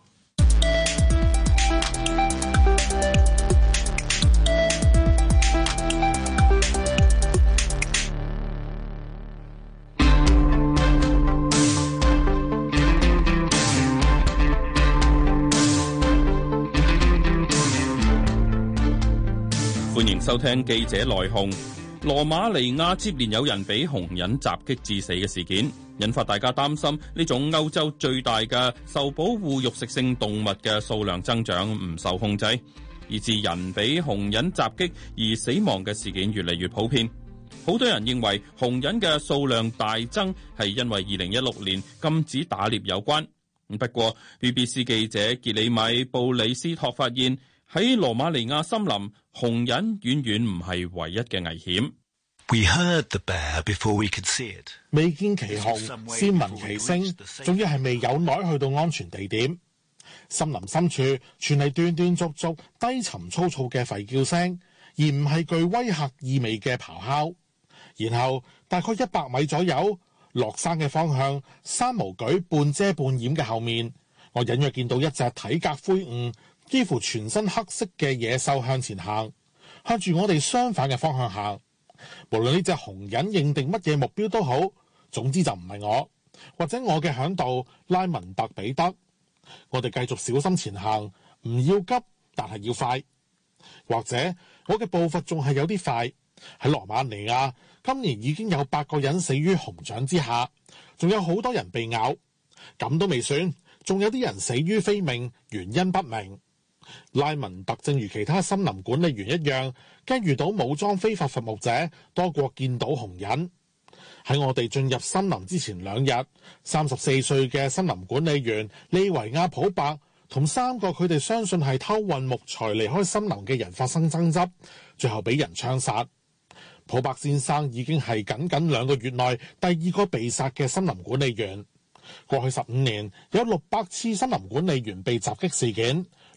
收聽記者來鴻。羅馬尼亞接連有人俾棕熊襲擊致死嘅事件，引發大家擔心呢種歐洲最大嘅受保護肉食性動物嘅數量增長唔受控制，以致人俾棕熊襲擊而死亡嘅事件越嚟越普遍。好多人認為棕熊嘅數量大增係因為二零一六年禁止打獵有關。不過 BBC 記者傑里米布里斯托發現。喺羅馬尼亞森林，熊人遠遠唔係唯一嘅危險。We heard the bear before we could see it。未見其熊，先聞其聲，仲要係未有耐去到安全地點。森林深處傳嚟斷斷續續、低沉粗糙嘅吠叫聲，而唔係具威嚇意味嘅咆哮。然後大概一百米左右，落山嘅方向，山毛櫸半遮半掩嘅後面，我隱約見到一隻體格灰梧，幾乎全身黑色嘅野獸向前行，向住我哋相反嘅方向行。無論呢隻熊認定乜嘢目標都好，總之就唔係我或者我嘅嚮導，拉文特彼得。我哋繼續小心前行，唔要急，但係要快。或者我嘅步伐仲係有啲快。喺羅馬尼亞，今年已經有八個人死於熊掌之下，仲有好多人被咬，咁都未算，仲有啲人死於非命，原因不明。拉文特正如其他森林管理員一樣，驚遇到武裝非法伐木者多過見到紅人。喺我哋進入森林之前兩日，三十四歲嘅森林管理員利維亞普伯同三個佢哋相信係偷運木材離開森林嘅人發生爭執，最後俾人槍殺。普伯先生已經係僅僅兩個月內第二個被殺嘅森林管理員。過去十五年有六百次森林管理員被襲擊事件。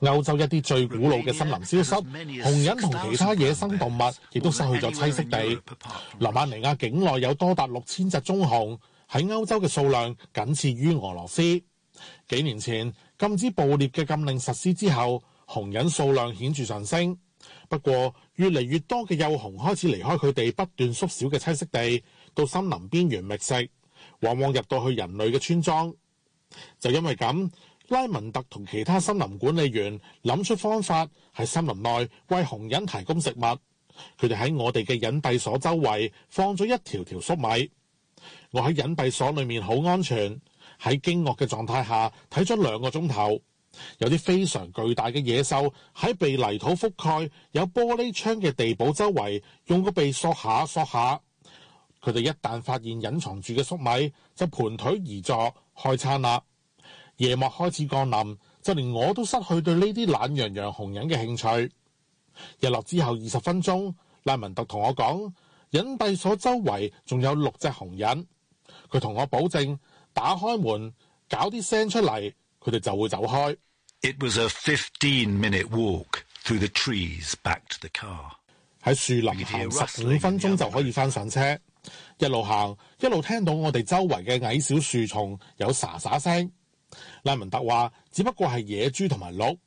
歐洲一啲最古老嘅森林消失，紅人同其他野生動物亦都失去咗棲息地。羅馬尼亞境內有多達六千隻棕熊，喺歐洲嘅數量僅次於俄羅斯。幾年前禁止捕獵嘅禁令實施之後，紅人數量顯著上升。不過，越嚟越多嘅幼熊開始離開佢哋不斷縮小嘅棲息地，到森林邊緣覓食，往往入到去人類嘅村莊。就因為咁。拉文特同其他森林管理員諗出方法，喺森林內為紅人提供食物。佢哋喺我哋嘅隱蔽所周圍放咗一條條粟米。我喺隱蔽所裏面好安全，喺驚愕嘅狀態下睇咗兩個鐘頭。有啲非常巨大嘅野獸喺被泥土覆蓋、有玻璃窗嘅地堡周圍，用個鼻索下索下。佢哋一旦發現隱藏住嘅粟米，就盤腿而坐，開餐啦。夜幕開始降臨，就連我都失去對呢啲懶洋洋紅人嘅興趣。日落之後二十分鐘，賴文特同我講，隱蔽所周圍仲有六隻紅人。佢同我保證，打開門搞啲聲出嚟，佢哋就會走開。It was a 15 minute walk through the trees back to the car. 喺樹林行十五分鐘就可以翻上車，一路行一路聽到我哋周圍嘅矮小樹叢有沙沙聲。拉文特話只不過係野豬同埋鹿。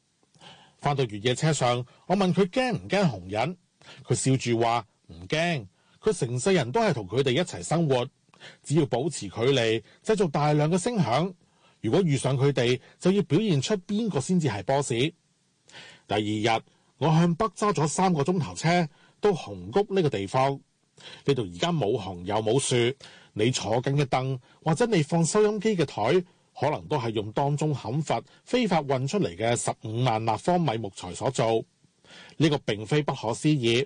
翻到越野車上，我問佢驚唔驚紅人，佢笑住話唔驚。佢成世人都係同佢哋一齊生活，只要保持距離，製造大量嘅聲響。如果遇上佢哋，就要表現出邊個先至係 boss。第二日我向北揸咗三個鐘頭車，到紅谷呢個地方。呢度而家冇紅又冇樹，你坐緊嘅凳或者你放收音機嘅台。可能都係用當中砍伐非法運出嚟嘅十五萬立方米木材所做，呢個並非不可思議。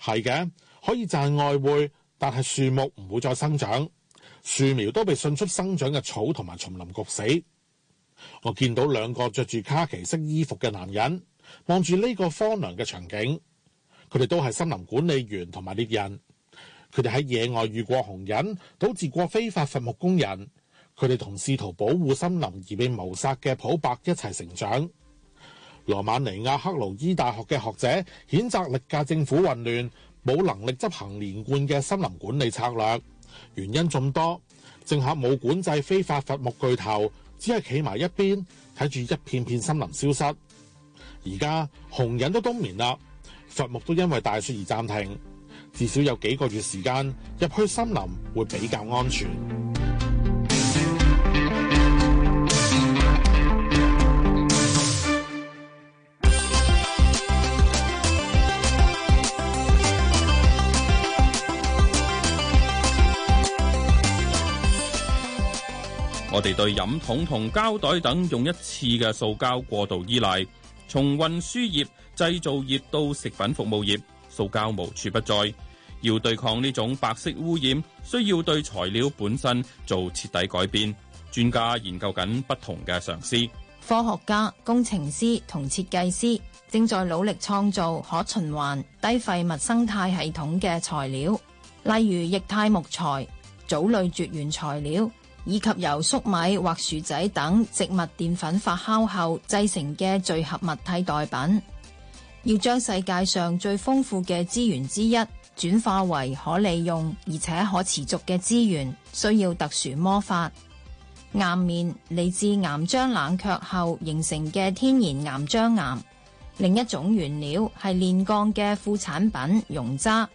係嘅，可以賺外匯，但係樹木唔會再生長，樹苗都被迅速生長嘅草同埋叢林焗死。我見到兩個着住卡其色衣服嘅男人望住呢個荒涼嘅場景，佢哋都係森林管理員同埋獵人，佢哋喺野外遇過紅人，導致過非法伐木工人。佢哋同試圖保護森林而被謀殺嘅普伯一齊成長。羅馬尼亞克魯伊大學嘅學者譴責歷屆政府混亂，冇能力執行連貫嘅森林管理策略。原因眾多，政客冇管制非法伐木巨頭，只係企埋一邊睇住一片片森林消失。而家熊人都冬眠啦，伐木都因為大雪而暫停，至少有幾個月時間入去森林會比較安全。我哋對飲筒同膠袋等用一次嘅塑膠過度依賴，從運輸業、製造業到食品服務業，塑膠無處不在。要對抗呢種白色污染，需要對材料本身做徹底改變。專家研究緊不同嘅嘗試，科學家、工程師同設計師正在努力創造可循環、低廢物生態系統嘅材料，例如液態木材、藻類絕緣材料。以及由粟米或薯仔等植物澱粉發酵後製成嘅聚合物替代品，要將世界上最豐富嘅資源之一轉化為可利用而且可持續嘅資源，需要特殊魔法。岩面嚟自岩漿冷卻後形成嘅天然岩漿岩，另一種原料係煉鋼嘅副產品熔渣。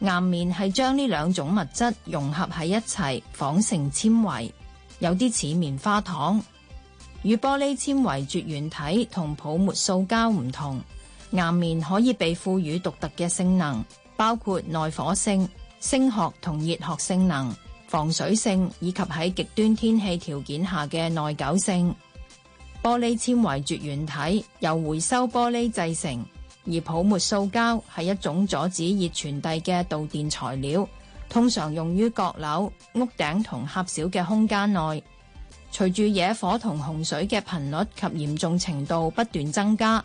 岩棉係將呢兩種物質融合喺一齊，紡成纖維，有啲似棉花糖。與玻璃纖維絕緣體同泡沫塑膠唔同，岩棉可以被賦予獨特嘅性能，包括耐火性、聲學同熱學性能、防水性以及喺極端天氣條件下嘅耐久性。玻璃纖維絕緣體由回收玻璃製成。而泡沫塑膠係一種阻止熱傳遞嘅導電材料，通常用於閣樓、屋頂同狹小嘅空間內。隨住野火同洪水嘅頻率及嚴重程度不斷增加，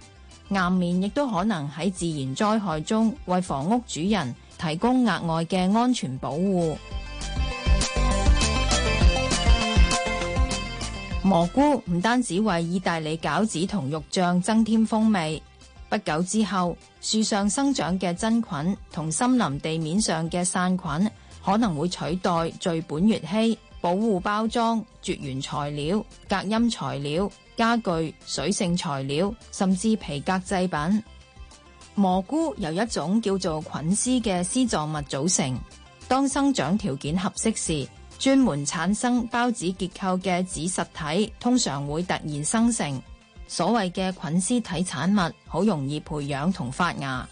岩棉亦都可能喺自然災害中為房屋主人提供額外嘅安全保護。 蘑菇唔單止為意大利餃子同肉醬增添風味。不久之後，樹上生長嘅真菌同森林地面上嘅散菌可能會取代聚苯乙烯、保護包裝、絕緣材料、隔音材料、家具、水性材料，甚至皮革製品。蘑菇由一種叫做菌絲嘅絲狀物組成。當生長條件合適時，專門產生孢子結構嘅子實體通常會突然生成。所謂嘅菌絲體產物好容易培養同發芽，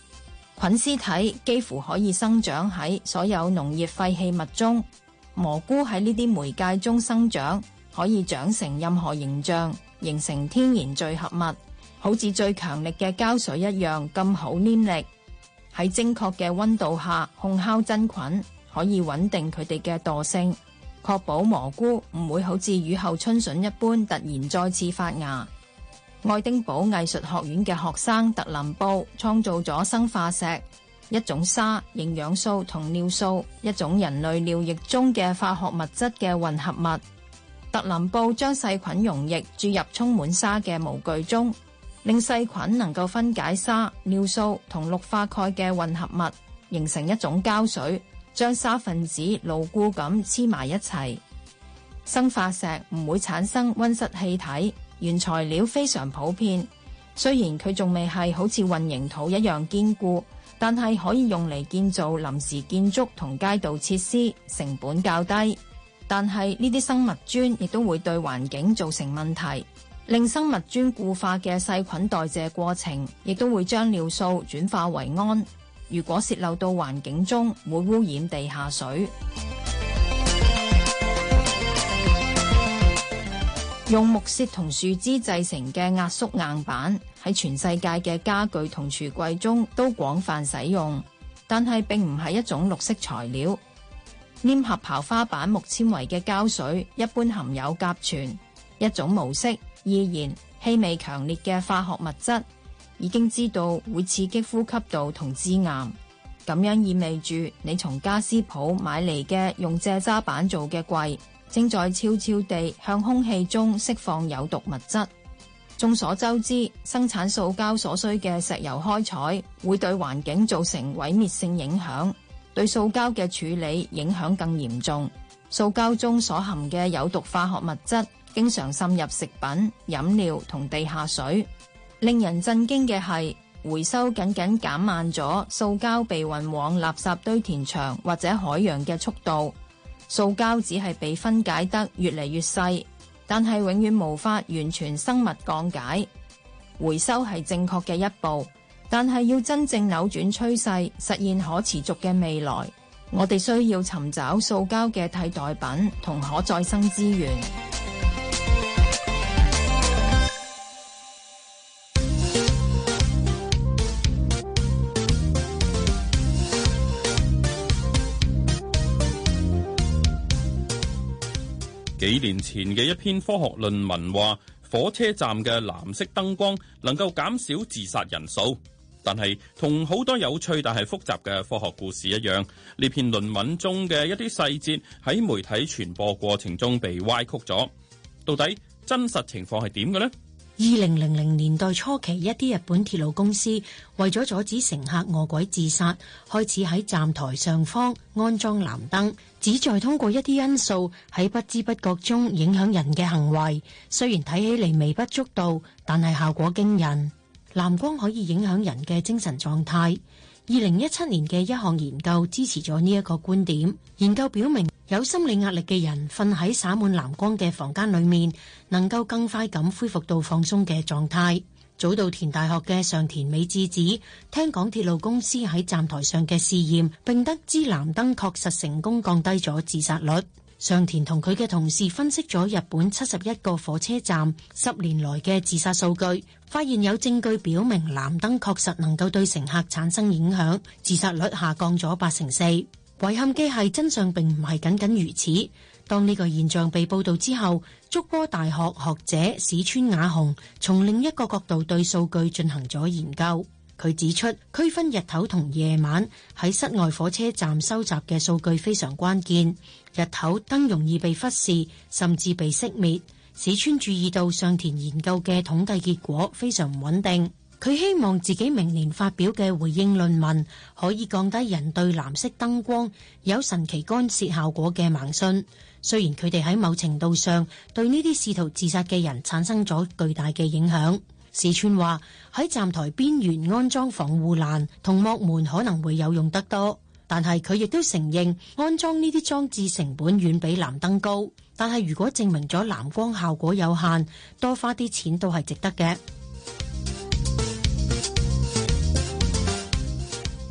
菌絲體幾乎可以生長喺所有農業廢棄物中。蘑菇喺呢啲媒介中生長，可以長成任何形象，形成天然聚合物，好似最強力嘅膠水一樣咁好黏力。喺精確嘅溫度下烘烤真菌，可以穩定佢哋嘅惰性，確保蘑菇唔會好似雨後春筍一般突然再次發芽。愛丁堡藝術學院嘅學生特林布創造咗生化石，一種沙、營養素同尿素一種人類尿液中嘅化學物質嘅混合物。特林布將細菌溶液注入充滿沙嘅模具中，令細菌能夠分解沙、尿素同氯化鈣嘅混合物，形成一種膠水，將沙分子牢固咁黐埋一齊。生化石唔會產生溫室氣體。原材料非常普遍，雖然佢仲未係好似混凝土一樣堅固，但係可以用嚟建造臨時建築同街道設施，成本較低。但係呢啲生物磚亦都會對環境造成問題，令生物磚固化嘅細菌代謝過程亦都會將尿素轉化為氨，如果泄漏到環境中，會污染地下水。用木屑同樹枝製成嘅壓縮硬板，喺全世界嘅家具同櫥櫃中都廣泛使用，但係並唔係一種綠色材料。黏合刨花板木纖維嘅膠水一般含有甲醛，一種無色、易燃、氣味強烈嘅化學物質，已經知道會刺激呼吸道同致癌。咁樣意味住你從家私鋪買嚟嘅用蔗渣板做嘅櫃。正在悄悄地向空氣中釋放有毒物質。眾所周知，生產塑膠所需嘅石油開採會對環境造成毀滅性影響，對塑膠嘅處理影響更嚴重。塑膠中所含嘅有毒化學物質，經常滲入食品、飲料同地下水。令人震驚嘅係，回收僅僅減慢咗塑膠被運往垃圾堆填場或者海洋嘅速度。塑膠只係被分解得越嚟越細，但係永遠無法完全生物降解。回收係正確嘅一步，但係要真正扭轉趨勢，實現可持續嘅未來，我哋需要尋找塑膠嘅替代品同可再生資源。幾年前嘅一篇科學論文話，火車站嘅藍色燈光能夠減少自殺人數。但係同好多有趣但係複雜嘅科學故事一樣，呢篇論文中嘅一啲細節喺媒體傳播過程中被歪曲咗。到底真實情況係點嘅呢？二零零零年代初期，一啲日本鐵路公司為咗阻止乘客臥軌自殺，開始喺站台上方安裝藍燈，旨在通過一啲因素喺不知不覺中影響人嘅行為。雖然睇起嚟微不足道，但係效果驚人。藍光可以影響人嘅精神狀態。二零一七年嘅一項研究支持咗呢一個觀點。研究表明，有心理壓力嘅人瞓喺灑滿藍光嘅房間裏面，能夠更快咁恢復到放鬆嘅狀態。早稻田大學嘅上田美智子聽講鐵路公司喺站台上嘅試驗，並得知藍燈確實成功降低咗自殺率。上田同佢嘅同事分析咗日本七十一個火車站十年來嘅自殺數據，發現有證據表明藍燈確實能夠對乘客產生影響，自殺率下降咗八成四。遺憾嘅係，真相並唔係僅僅如此。當呢個現象被報道之後，筑波大學學者史川雅雄從另一個角度對數據進行咗研究。佢指出，區分日頭同夜晚喺室外火車站收集嘅數據非常關鍵。日頭燈容易被忽視，甚至被熄滅。史川注意到上田研究嘅統計結果非常唔穩定。佢希望自己明年發表嘅回應論文可以降低人對藍色燈光有神奇干涉效果嘅盲信。雖然佢哋喺某程度上對呢啲試圖自殺嘅人產生咗巨大嘅影響。市川話喺站台邊緣安裝防護欄同幕門可能會有用得多，但係佢亦都承認安裝呢啲裝置成本遠比藍燈高。但係如果證明咗藍光效果有限，多花啲錢都係值得嘅。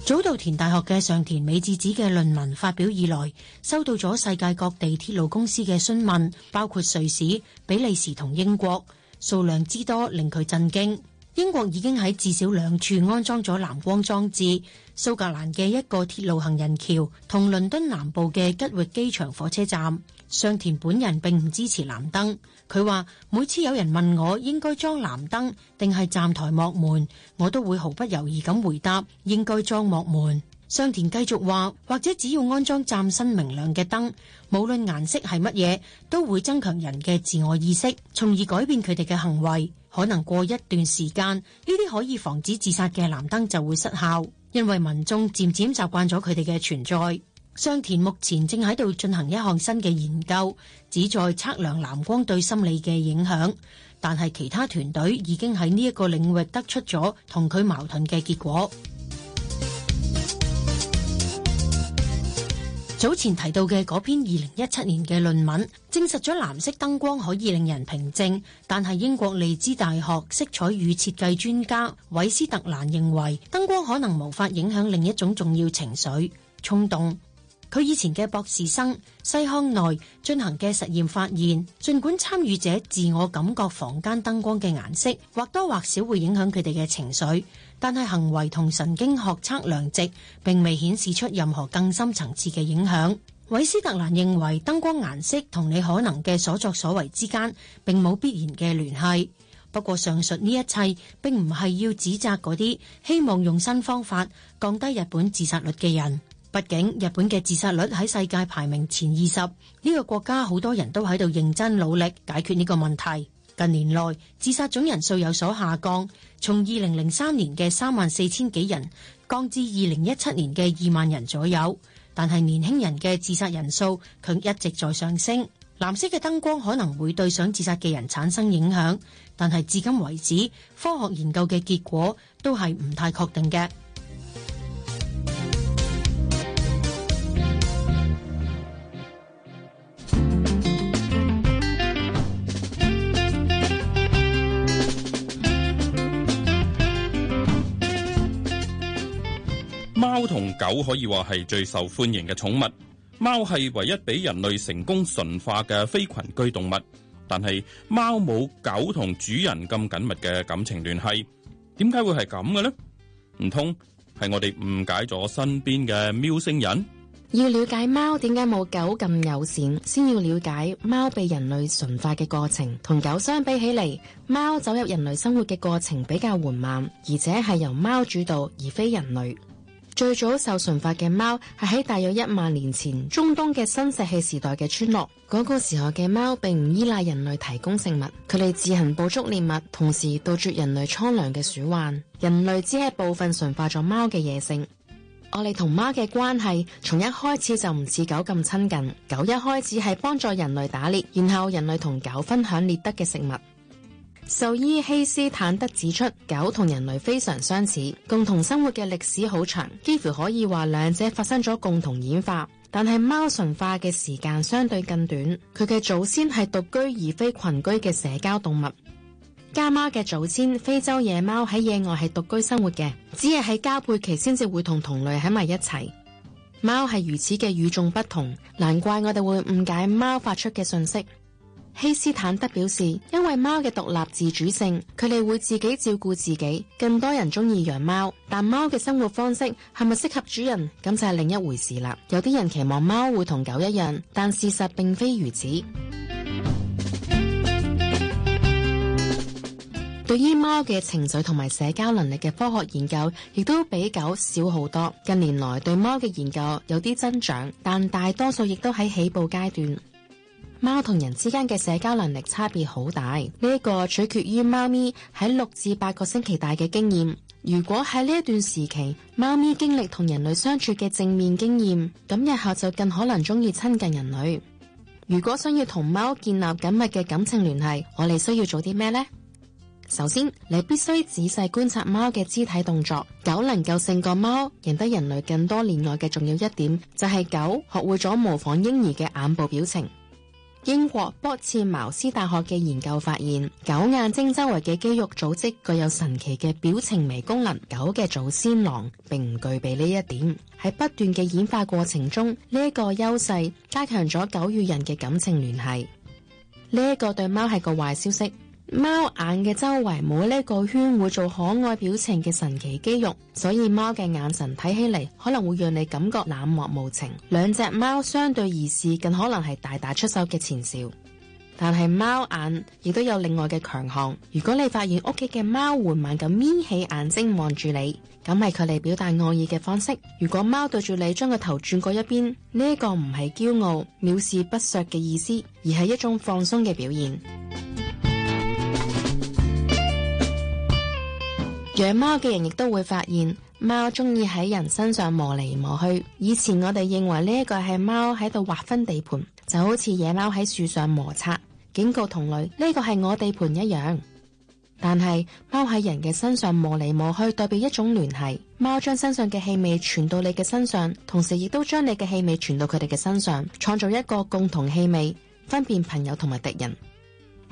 早稻 田大學嘅上田美智子嘅論文發表以來，收到咗世界各地鐵路公司嘅詢問，包括瑞士、比利時同英國。數量之多令佢震驚。英國已經喺至少兩處安裝咗藍光裝置，蘇格蘭嘅一個鐵路行人橋同倫敦南部嘅吉域機場火車站。上田本人並唔支持藍燈，佢話每次有人問我應該裝藍燈定係站台幕門，我都會毫不猶豫咁回答應該裝幕門。上田繼續話，或者只要安裝嶄新明亮嘅燈，無論顏色係乜嘢，都會增強人嘅自我意識，從而改變佢哋嘅行為。可能過一段時間，呢啲可以防止自殺嘅藍燈就會失效，因為民眾漸漸習慣咗佢哋嘅存在。上田目前正喺度進行一項新嘅研究，旨在測量藍光對心理嘅影響，但係其他團隊已經喺呢一個領域得出咗同佢矛盾嘅結果。早前提到嘅嗰篇二零一七年嘅論文證實咗藍色燈光可以令人平靜，但係英國利茲大學色彩與設計專家韋斯特蘭認為，燈光可能無法影響另一種重要情緒——衝動。佢以前嘅博士生西康內進行嘅實驗發現，盡管參與者自我感覺房間燈光嘅顏色或多或少會影響佢哋嘅情緒。但係行為同神經學測量值，並未顯示出任何更深層次嘅影響。韋斯特蘭認為，燈光顏色同你可能嘅所作所為之間，並冇必然嘅聯繫。不過上述呢一切，並唔係要指責嗰啲希望用新方法降低日本自殺率嘅人。畢竟，日本嘅自殺率喺世界排名前二十，呢個國家好多人都喺度認真努力解決呢個問題。近年來自殺總人數有所下降，從二零零三年嘅三萬四千幾人，降至二零一七年嘅二萬人左右。但係年輕人嘅自殺人數卻一直在上升。藍色嘅燈光可能會對想自殺嘅人產生影響，但係至今為止，科學研究嘅結果都係唔太確定嘅。貓同狗可以話係最受歡迎嘅寵物。貓係唯一俾人類成功馴化嘅非群居動物，但係貓冇狗同主人咁緊密嘅感情聯繫。點解會係咁嘅呢？唔通係我哋誤解咗身邊嘅喵星人？要了解貓點解冇狗咁友善，先要了解貓被人類馴化嘅過程。同狗相比起嚟，貓走入人類生活嘅過程比較緩慢，而且係由貓主導，而非人類。最早受馴化嘅貓係喺大約一萬年前中東嘅新石器時代嘅村落。嗰個時候嘅貓並唔依賴人類提供食物，佢哋自行捕捉獵物，同時杜絕人類蒼涼嘅鼠患。人類只係部分馴化咗貓嘅野性。我哋同貓嘅關係從一開始就唔似狗咁親近。狗一開始係幫助人類打獵，然後人類同狗分享獵得嘅食物。獸醫希斯坦德指出，狗同人類非常相似，共同生活嘅歷史好長，幾乎可以話兩者發生咗共同演化。但係貓馴化嘅時間相對更短，佢嘅祖先係獨居而非群居嘅社交動物。家貓嘅祖先非洲野貓喺野外係獨居生活嘅，只係喺交配期先至會同同類喺埋一齊。貓係如此嘅與眾不同，難怪我哋會誤解貓發出嘅訊息。希斯坦德表示，因為貓嘅獨立自主性，佢哋會自己照顧自己，更多人中意養貓。但貓嘅生活方式係咪適合主人，咁就係另一回事啦。有啲人期望貓會同狗一樣，但事實並非如此。 對於貓嘅情緒同埋社交能力嘅科學研究，亦都比狗少好多。近年來對貓嘅研究有啲增長，但大多數亦都喺起步階段。貓同人之間嘅社交能力差別好大，呢、這、一個取決於貓咪喺六至八個星期大嘅經驗。如果喺呢一段時期，貓咪經歷同人類相處嘅正面經驗，咁日後就更可能中意親近人類。如果想要同貓建立緊密嘅感情聯繫，我哋需要做啲咩呢？首先，你必須仔細觀察貓嘅肢體動作。狗能夠勝過貓贏得人類更多憐愛嘅重要一點，就係、是、狗學會咗模仿嬰兒嘅眼部表情。英國波茨茅斯大學嘅研究發現，狗眼睛周圍嘅肌肉組織具有神奇嘅表情微功能。狗嘅祖先狼並唔具備呢一點。喺不斷嘅演化過程中，呢一個優勢加強咗狗與人嘅感情聯繫。呢一個對貓係個壞消息。貓眼嘅周圍冇呢個圈會做可愛表情嘅神奇肌肉，所以貓嘅眼神睇起嚟可能會讓你感覺冷漠無情。兩隻貓相對而視，更可能係大打出手嘅前兆。但係貓眼亦都有另外嘅強項。如果你發現屋企嘅貓緩慢咁眯起眼睛望住你，咁係佢哋表達愛意嘅方式。如果貓對住你將個頭轉過一邊，呢一個唔係驕傲藐視不削嘅意思，而係一種放鬆嘅表現。養貓嘅人亦都會發現，貓中意喺人身上磨嚟磨去。以前我哋認為呢一個係貓喺度劃分地盤，就好似野貓喺樹上摩擦，警告同類，呢個係我地盤一樣。但係貓喺人嘅身上磨嚟磨去，代表一種聯繫。貓將身上嘅氣味傳到你嘅身上，同時亦都將你嘅氣味傳到佢哋嘅身上，創造一個共同氣味，分辨朋友同埋敵人。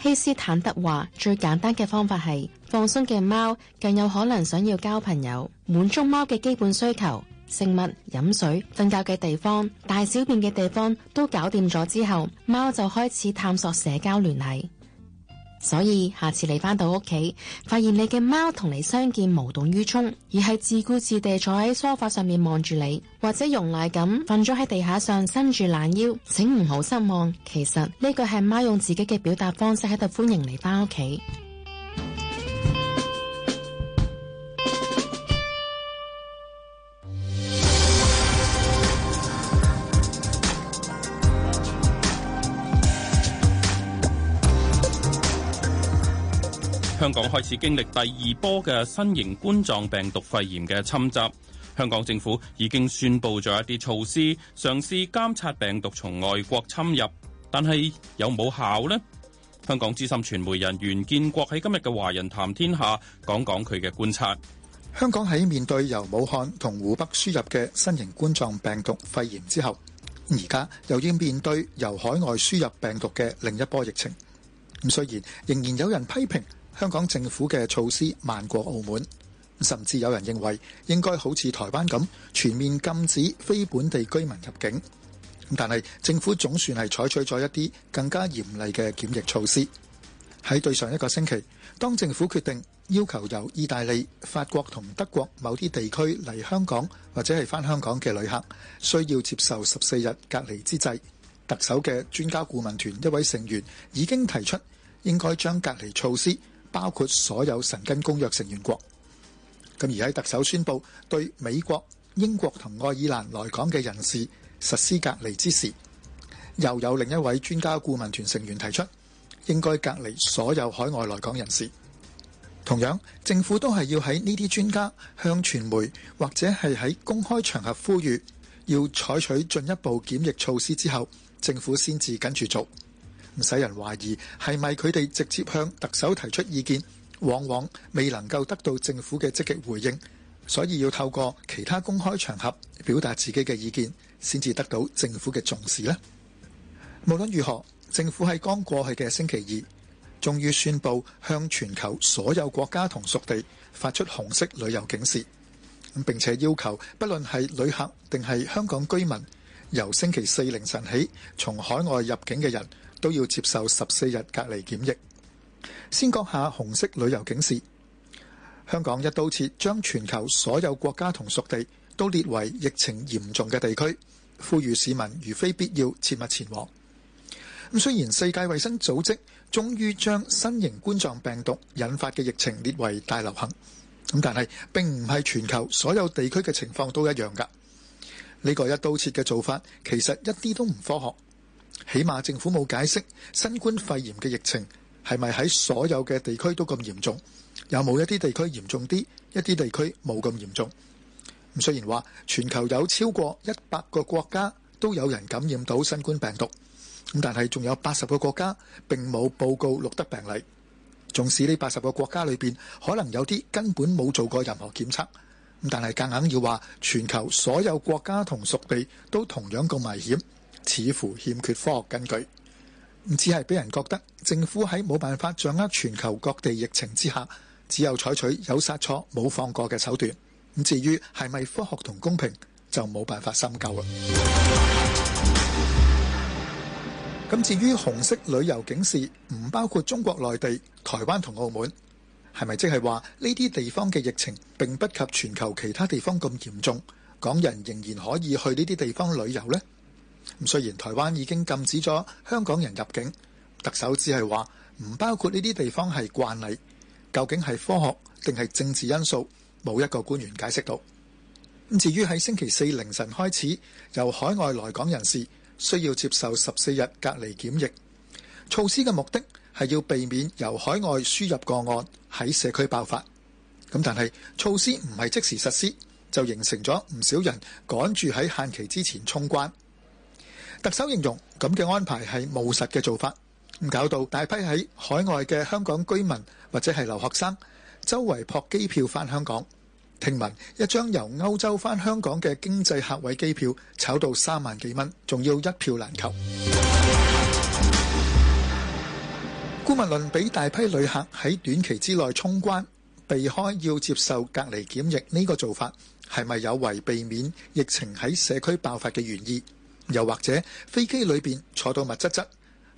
希斯坦德話：最簡單嘅方法係。放鬆嘅貓更有可能想要交朋友，滿足貓嘅基本需求：食物、飲水、瞓覺嘅地方、大小便嘅地方都搞掂咗之後，貓就開始探索社交聯繫。所以下次你返到屋企，發現你嘅貓同你相見無動於衷，而係自顧自地坐喺梳化上面望住你，或者慵懶咁瞓咗喺地下上伸住懶腰，請唔好失望。其實呢個係貓用自己嘅表達方式喺度歡迎你返屋企。香港開始經歷第二波嘅新型冠狀病毒肺炎嘅侵襲。香港政府已經宣佈咗一啲措施，嘗試監察病毒從外國侵入，但係有冇效呢？香港資深傳媒人袁建國喺今日嘅《華人談天下》講講佢嘅觀察。香港喺面對由武漢同湖北輸入嘅新型冠狀病毒肺炎之後，而家又要面對由海外輸入病毒嘅另一波疫情。咁雖然仍然有人批評。香港政府嘅措施慢過澳門，甚至有人認為應該好似台灣咁全面禁止非本地居民入境。但係政府總算係採取咗一啲更加嚴厲嘅檢疫措施。喺對上一個星期，當政府決定要求由意大利、法國同德國某啲地區嚟香港或者係翻香港嘅旅客，需要接受十四日隔離之際，特首嘅專家顧問團一位成員已經提出應該將隔離措施。包括所有《神根公約》成員國。咁而喺特首宣布對美國、英國同愛爾蘭來港嘅人士實施隔離之時，又有另一位專家顧問團成員提出，應該隔離所有海外來港人士。同樣，政府都係要喺呢啲專家向傳媒或者係喺公開場合呼籲，要採取進一步檢疫措施之後，政府先至跟住做。唔使人懷疑，係咪佢哋直接向特首提出意見，往往未能夠得到政府嘅積極回應，所以要透過其他公開場合表達自己嘅意見，先至得到政府嘅重視呢。無論如何，政府喺剛過去嘅星期二，終於宣布向全球所有國家同屬地發出紅色旅遊警示，並且要求不論係旅客定係香港居民，由星期四凌晨起從海外入境嘅人，都要接受十四日隔離檢疫。先講下紅色旅遊警示，香港一刀切將全球所有國家同屬地都列為疫情嚴重嘅地區，呼籲市民如非必要切勿前往。咁雖然世界衛生組織終於將新型冠狀病毒引發嘅疫情列為大流行，咁但係並唔係全球所有地區嘅情況都一樣噶。呢個一刀切嘅做法其實一啲都唔科學。起碼政府冇解釋新冠肺炎嘅疫情係咪喺所有嘅地區都咁嚴重？有冇一啲地區嚴重啲，一啲地區冇咁嚴重？咁雖然話全球有超過一百個國家都有人感染到新冠病毒，但係仲有八十個國家並冇報告錄得病例。縱使呢八十個國家裏邊可能有啲根本冇做過任何檢測，但係夾硬要話全球所有國家同屬地都同樣咁危險。似乎欠缺科學根據，咁只係俾人覺得政府喺冇辦法掌握全球各地疫情之下，只有採取有殺錯冇放過嘅手段。咁至於係咪科學同公平，就冇辦法深究啦。咁 至於紅色旅遊警示唔包括中國內地、台灣同澳門，係咪即係話呢啲地方嘅疫情並不及全球其他地方咁嚴重？港人仍然可以去呢啲地方旅遊呢？雖然台灣已經禁止咗香港人入境，特首只係話唔包括呢啲地方係慣例。究竟係科學定係政治因素？冇一個官員解釋到。至於喺星期四凌晨開始，由海外來港人士需要接受十四日隔離檢疫措施嘅目的係要避免由海外輸入個案喺社區爆發。咁但係措施唔係即時實施，就形成咗唔少人趕住喺限期之前衝關。特首形容咁嘅安排係務實嘅做法，唔搞到大批喺海外嘅香港居民或者係留學生，周圍撲機票返香港。聽聞一張由歐洲返香港嘅經濟客位機票，炒到三萬幾蚊，仲要一票難求。 顧問論，俾大批旅客喺短期之內衝關，避開要接受隔離檢疫呢個做法，係咪有違避免疫情喺社區爆發嘅原意？又或者飛機裏邊坐到密質質，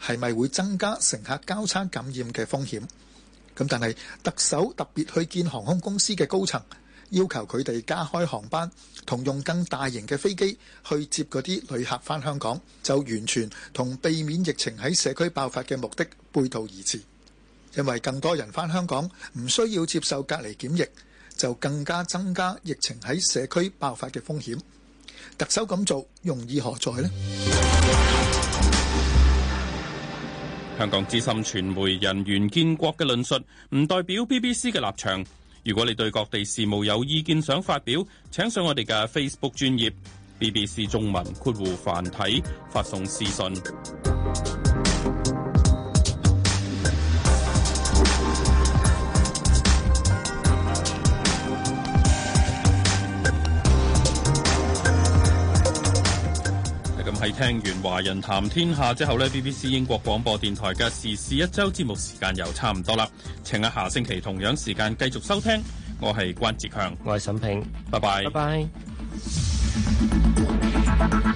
係咪會增加乘客交叉感染嘅風險？咁但係特首特別去見航空公司嘅高層，要求佢哋加開航班同用更大型嘅飛機去接嗰啲旅客翻香港，就完全同避免疫情喺社區爆發嘅目的背道而馳，因為更多人翻香港唔需要接受隔離檢疫，就更加增加疫情喺社區爆發嘅風險。特首咁做容易何在呢？香港資深傳媒人袁建國嘅論述唔代表 BBC 嘅立場。如果你對各地事務有意見想發表，請上我哋嘅 Facebook 專頁 BBC 中文括弧繁體發送私信。我係聽完華人談天下之後呢 BBC 英國廣播電台嘅時事一周節目時間又差唔多啦，請啊下星期同樣時間繼續收聽。我係關智強，我係沈平，拜拜 bye，拜拜。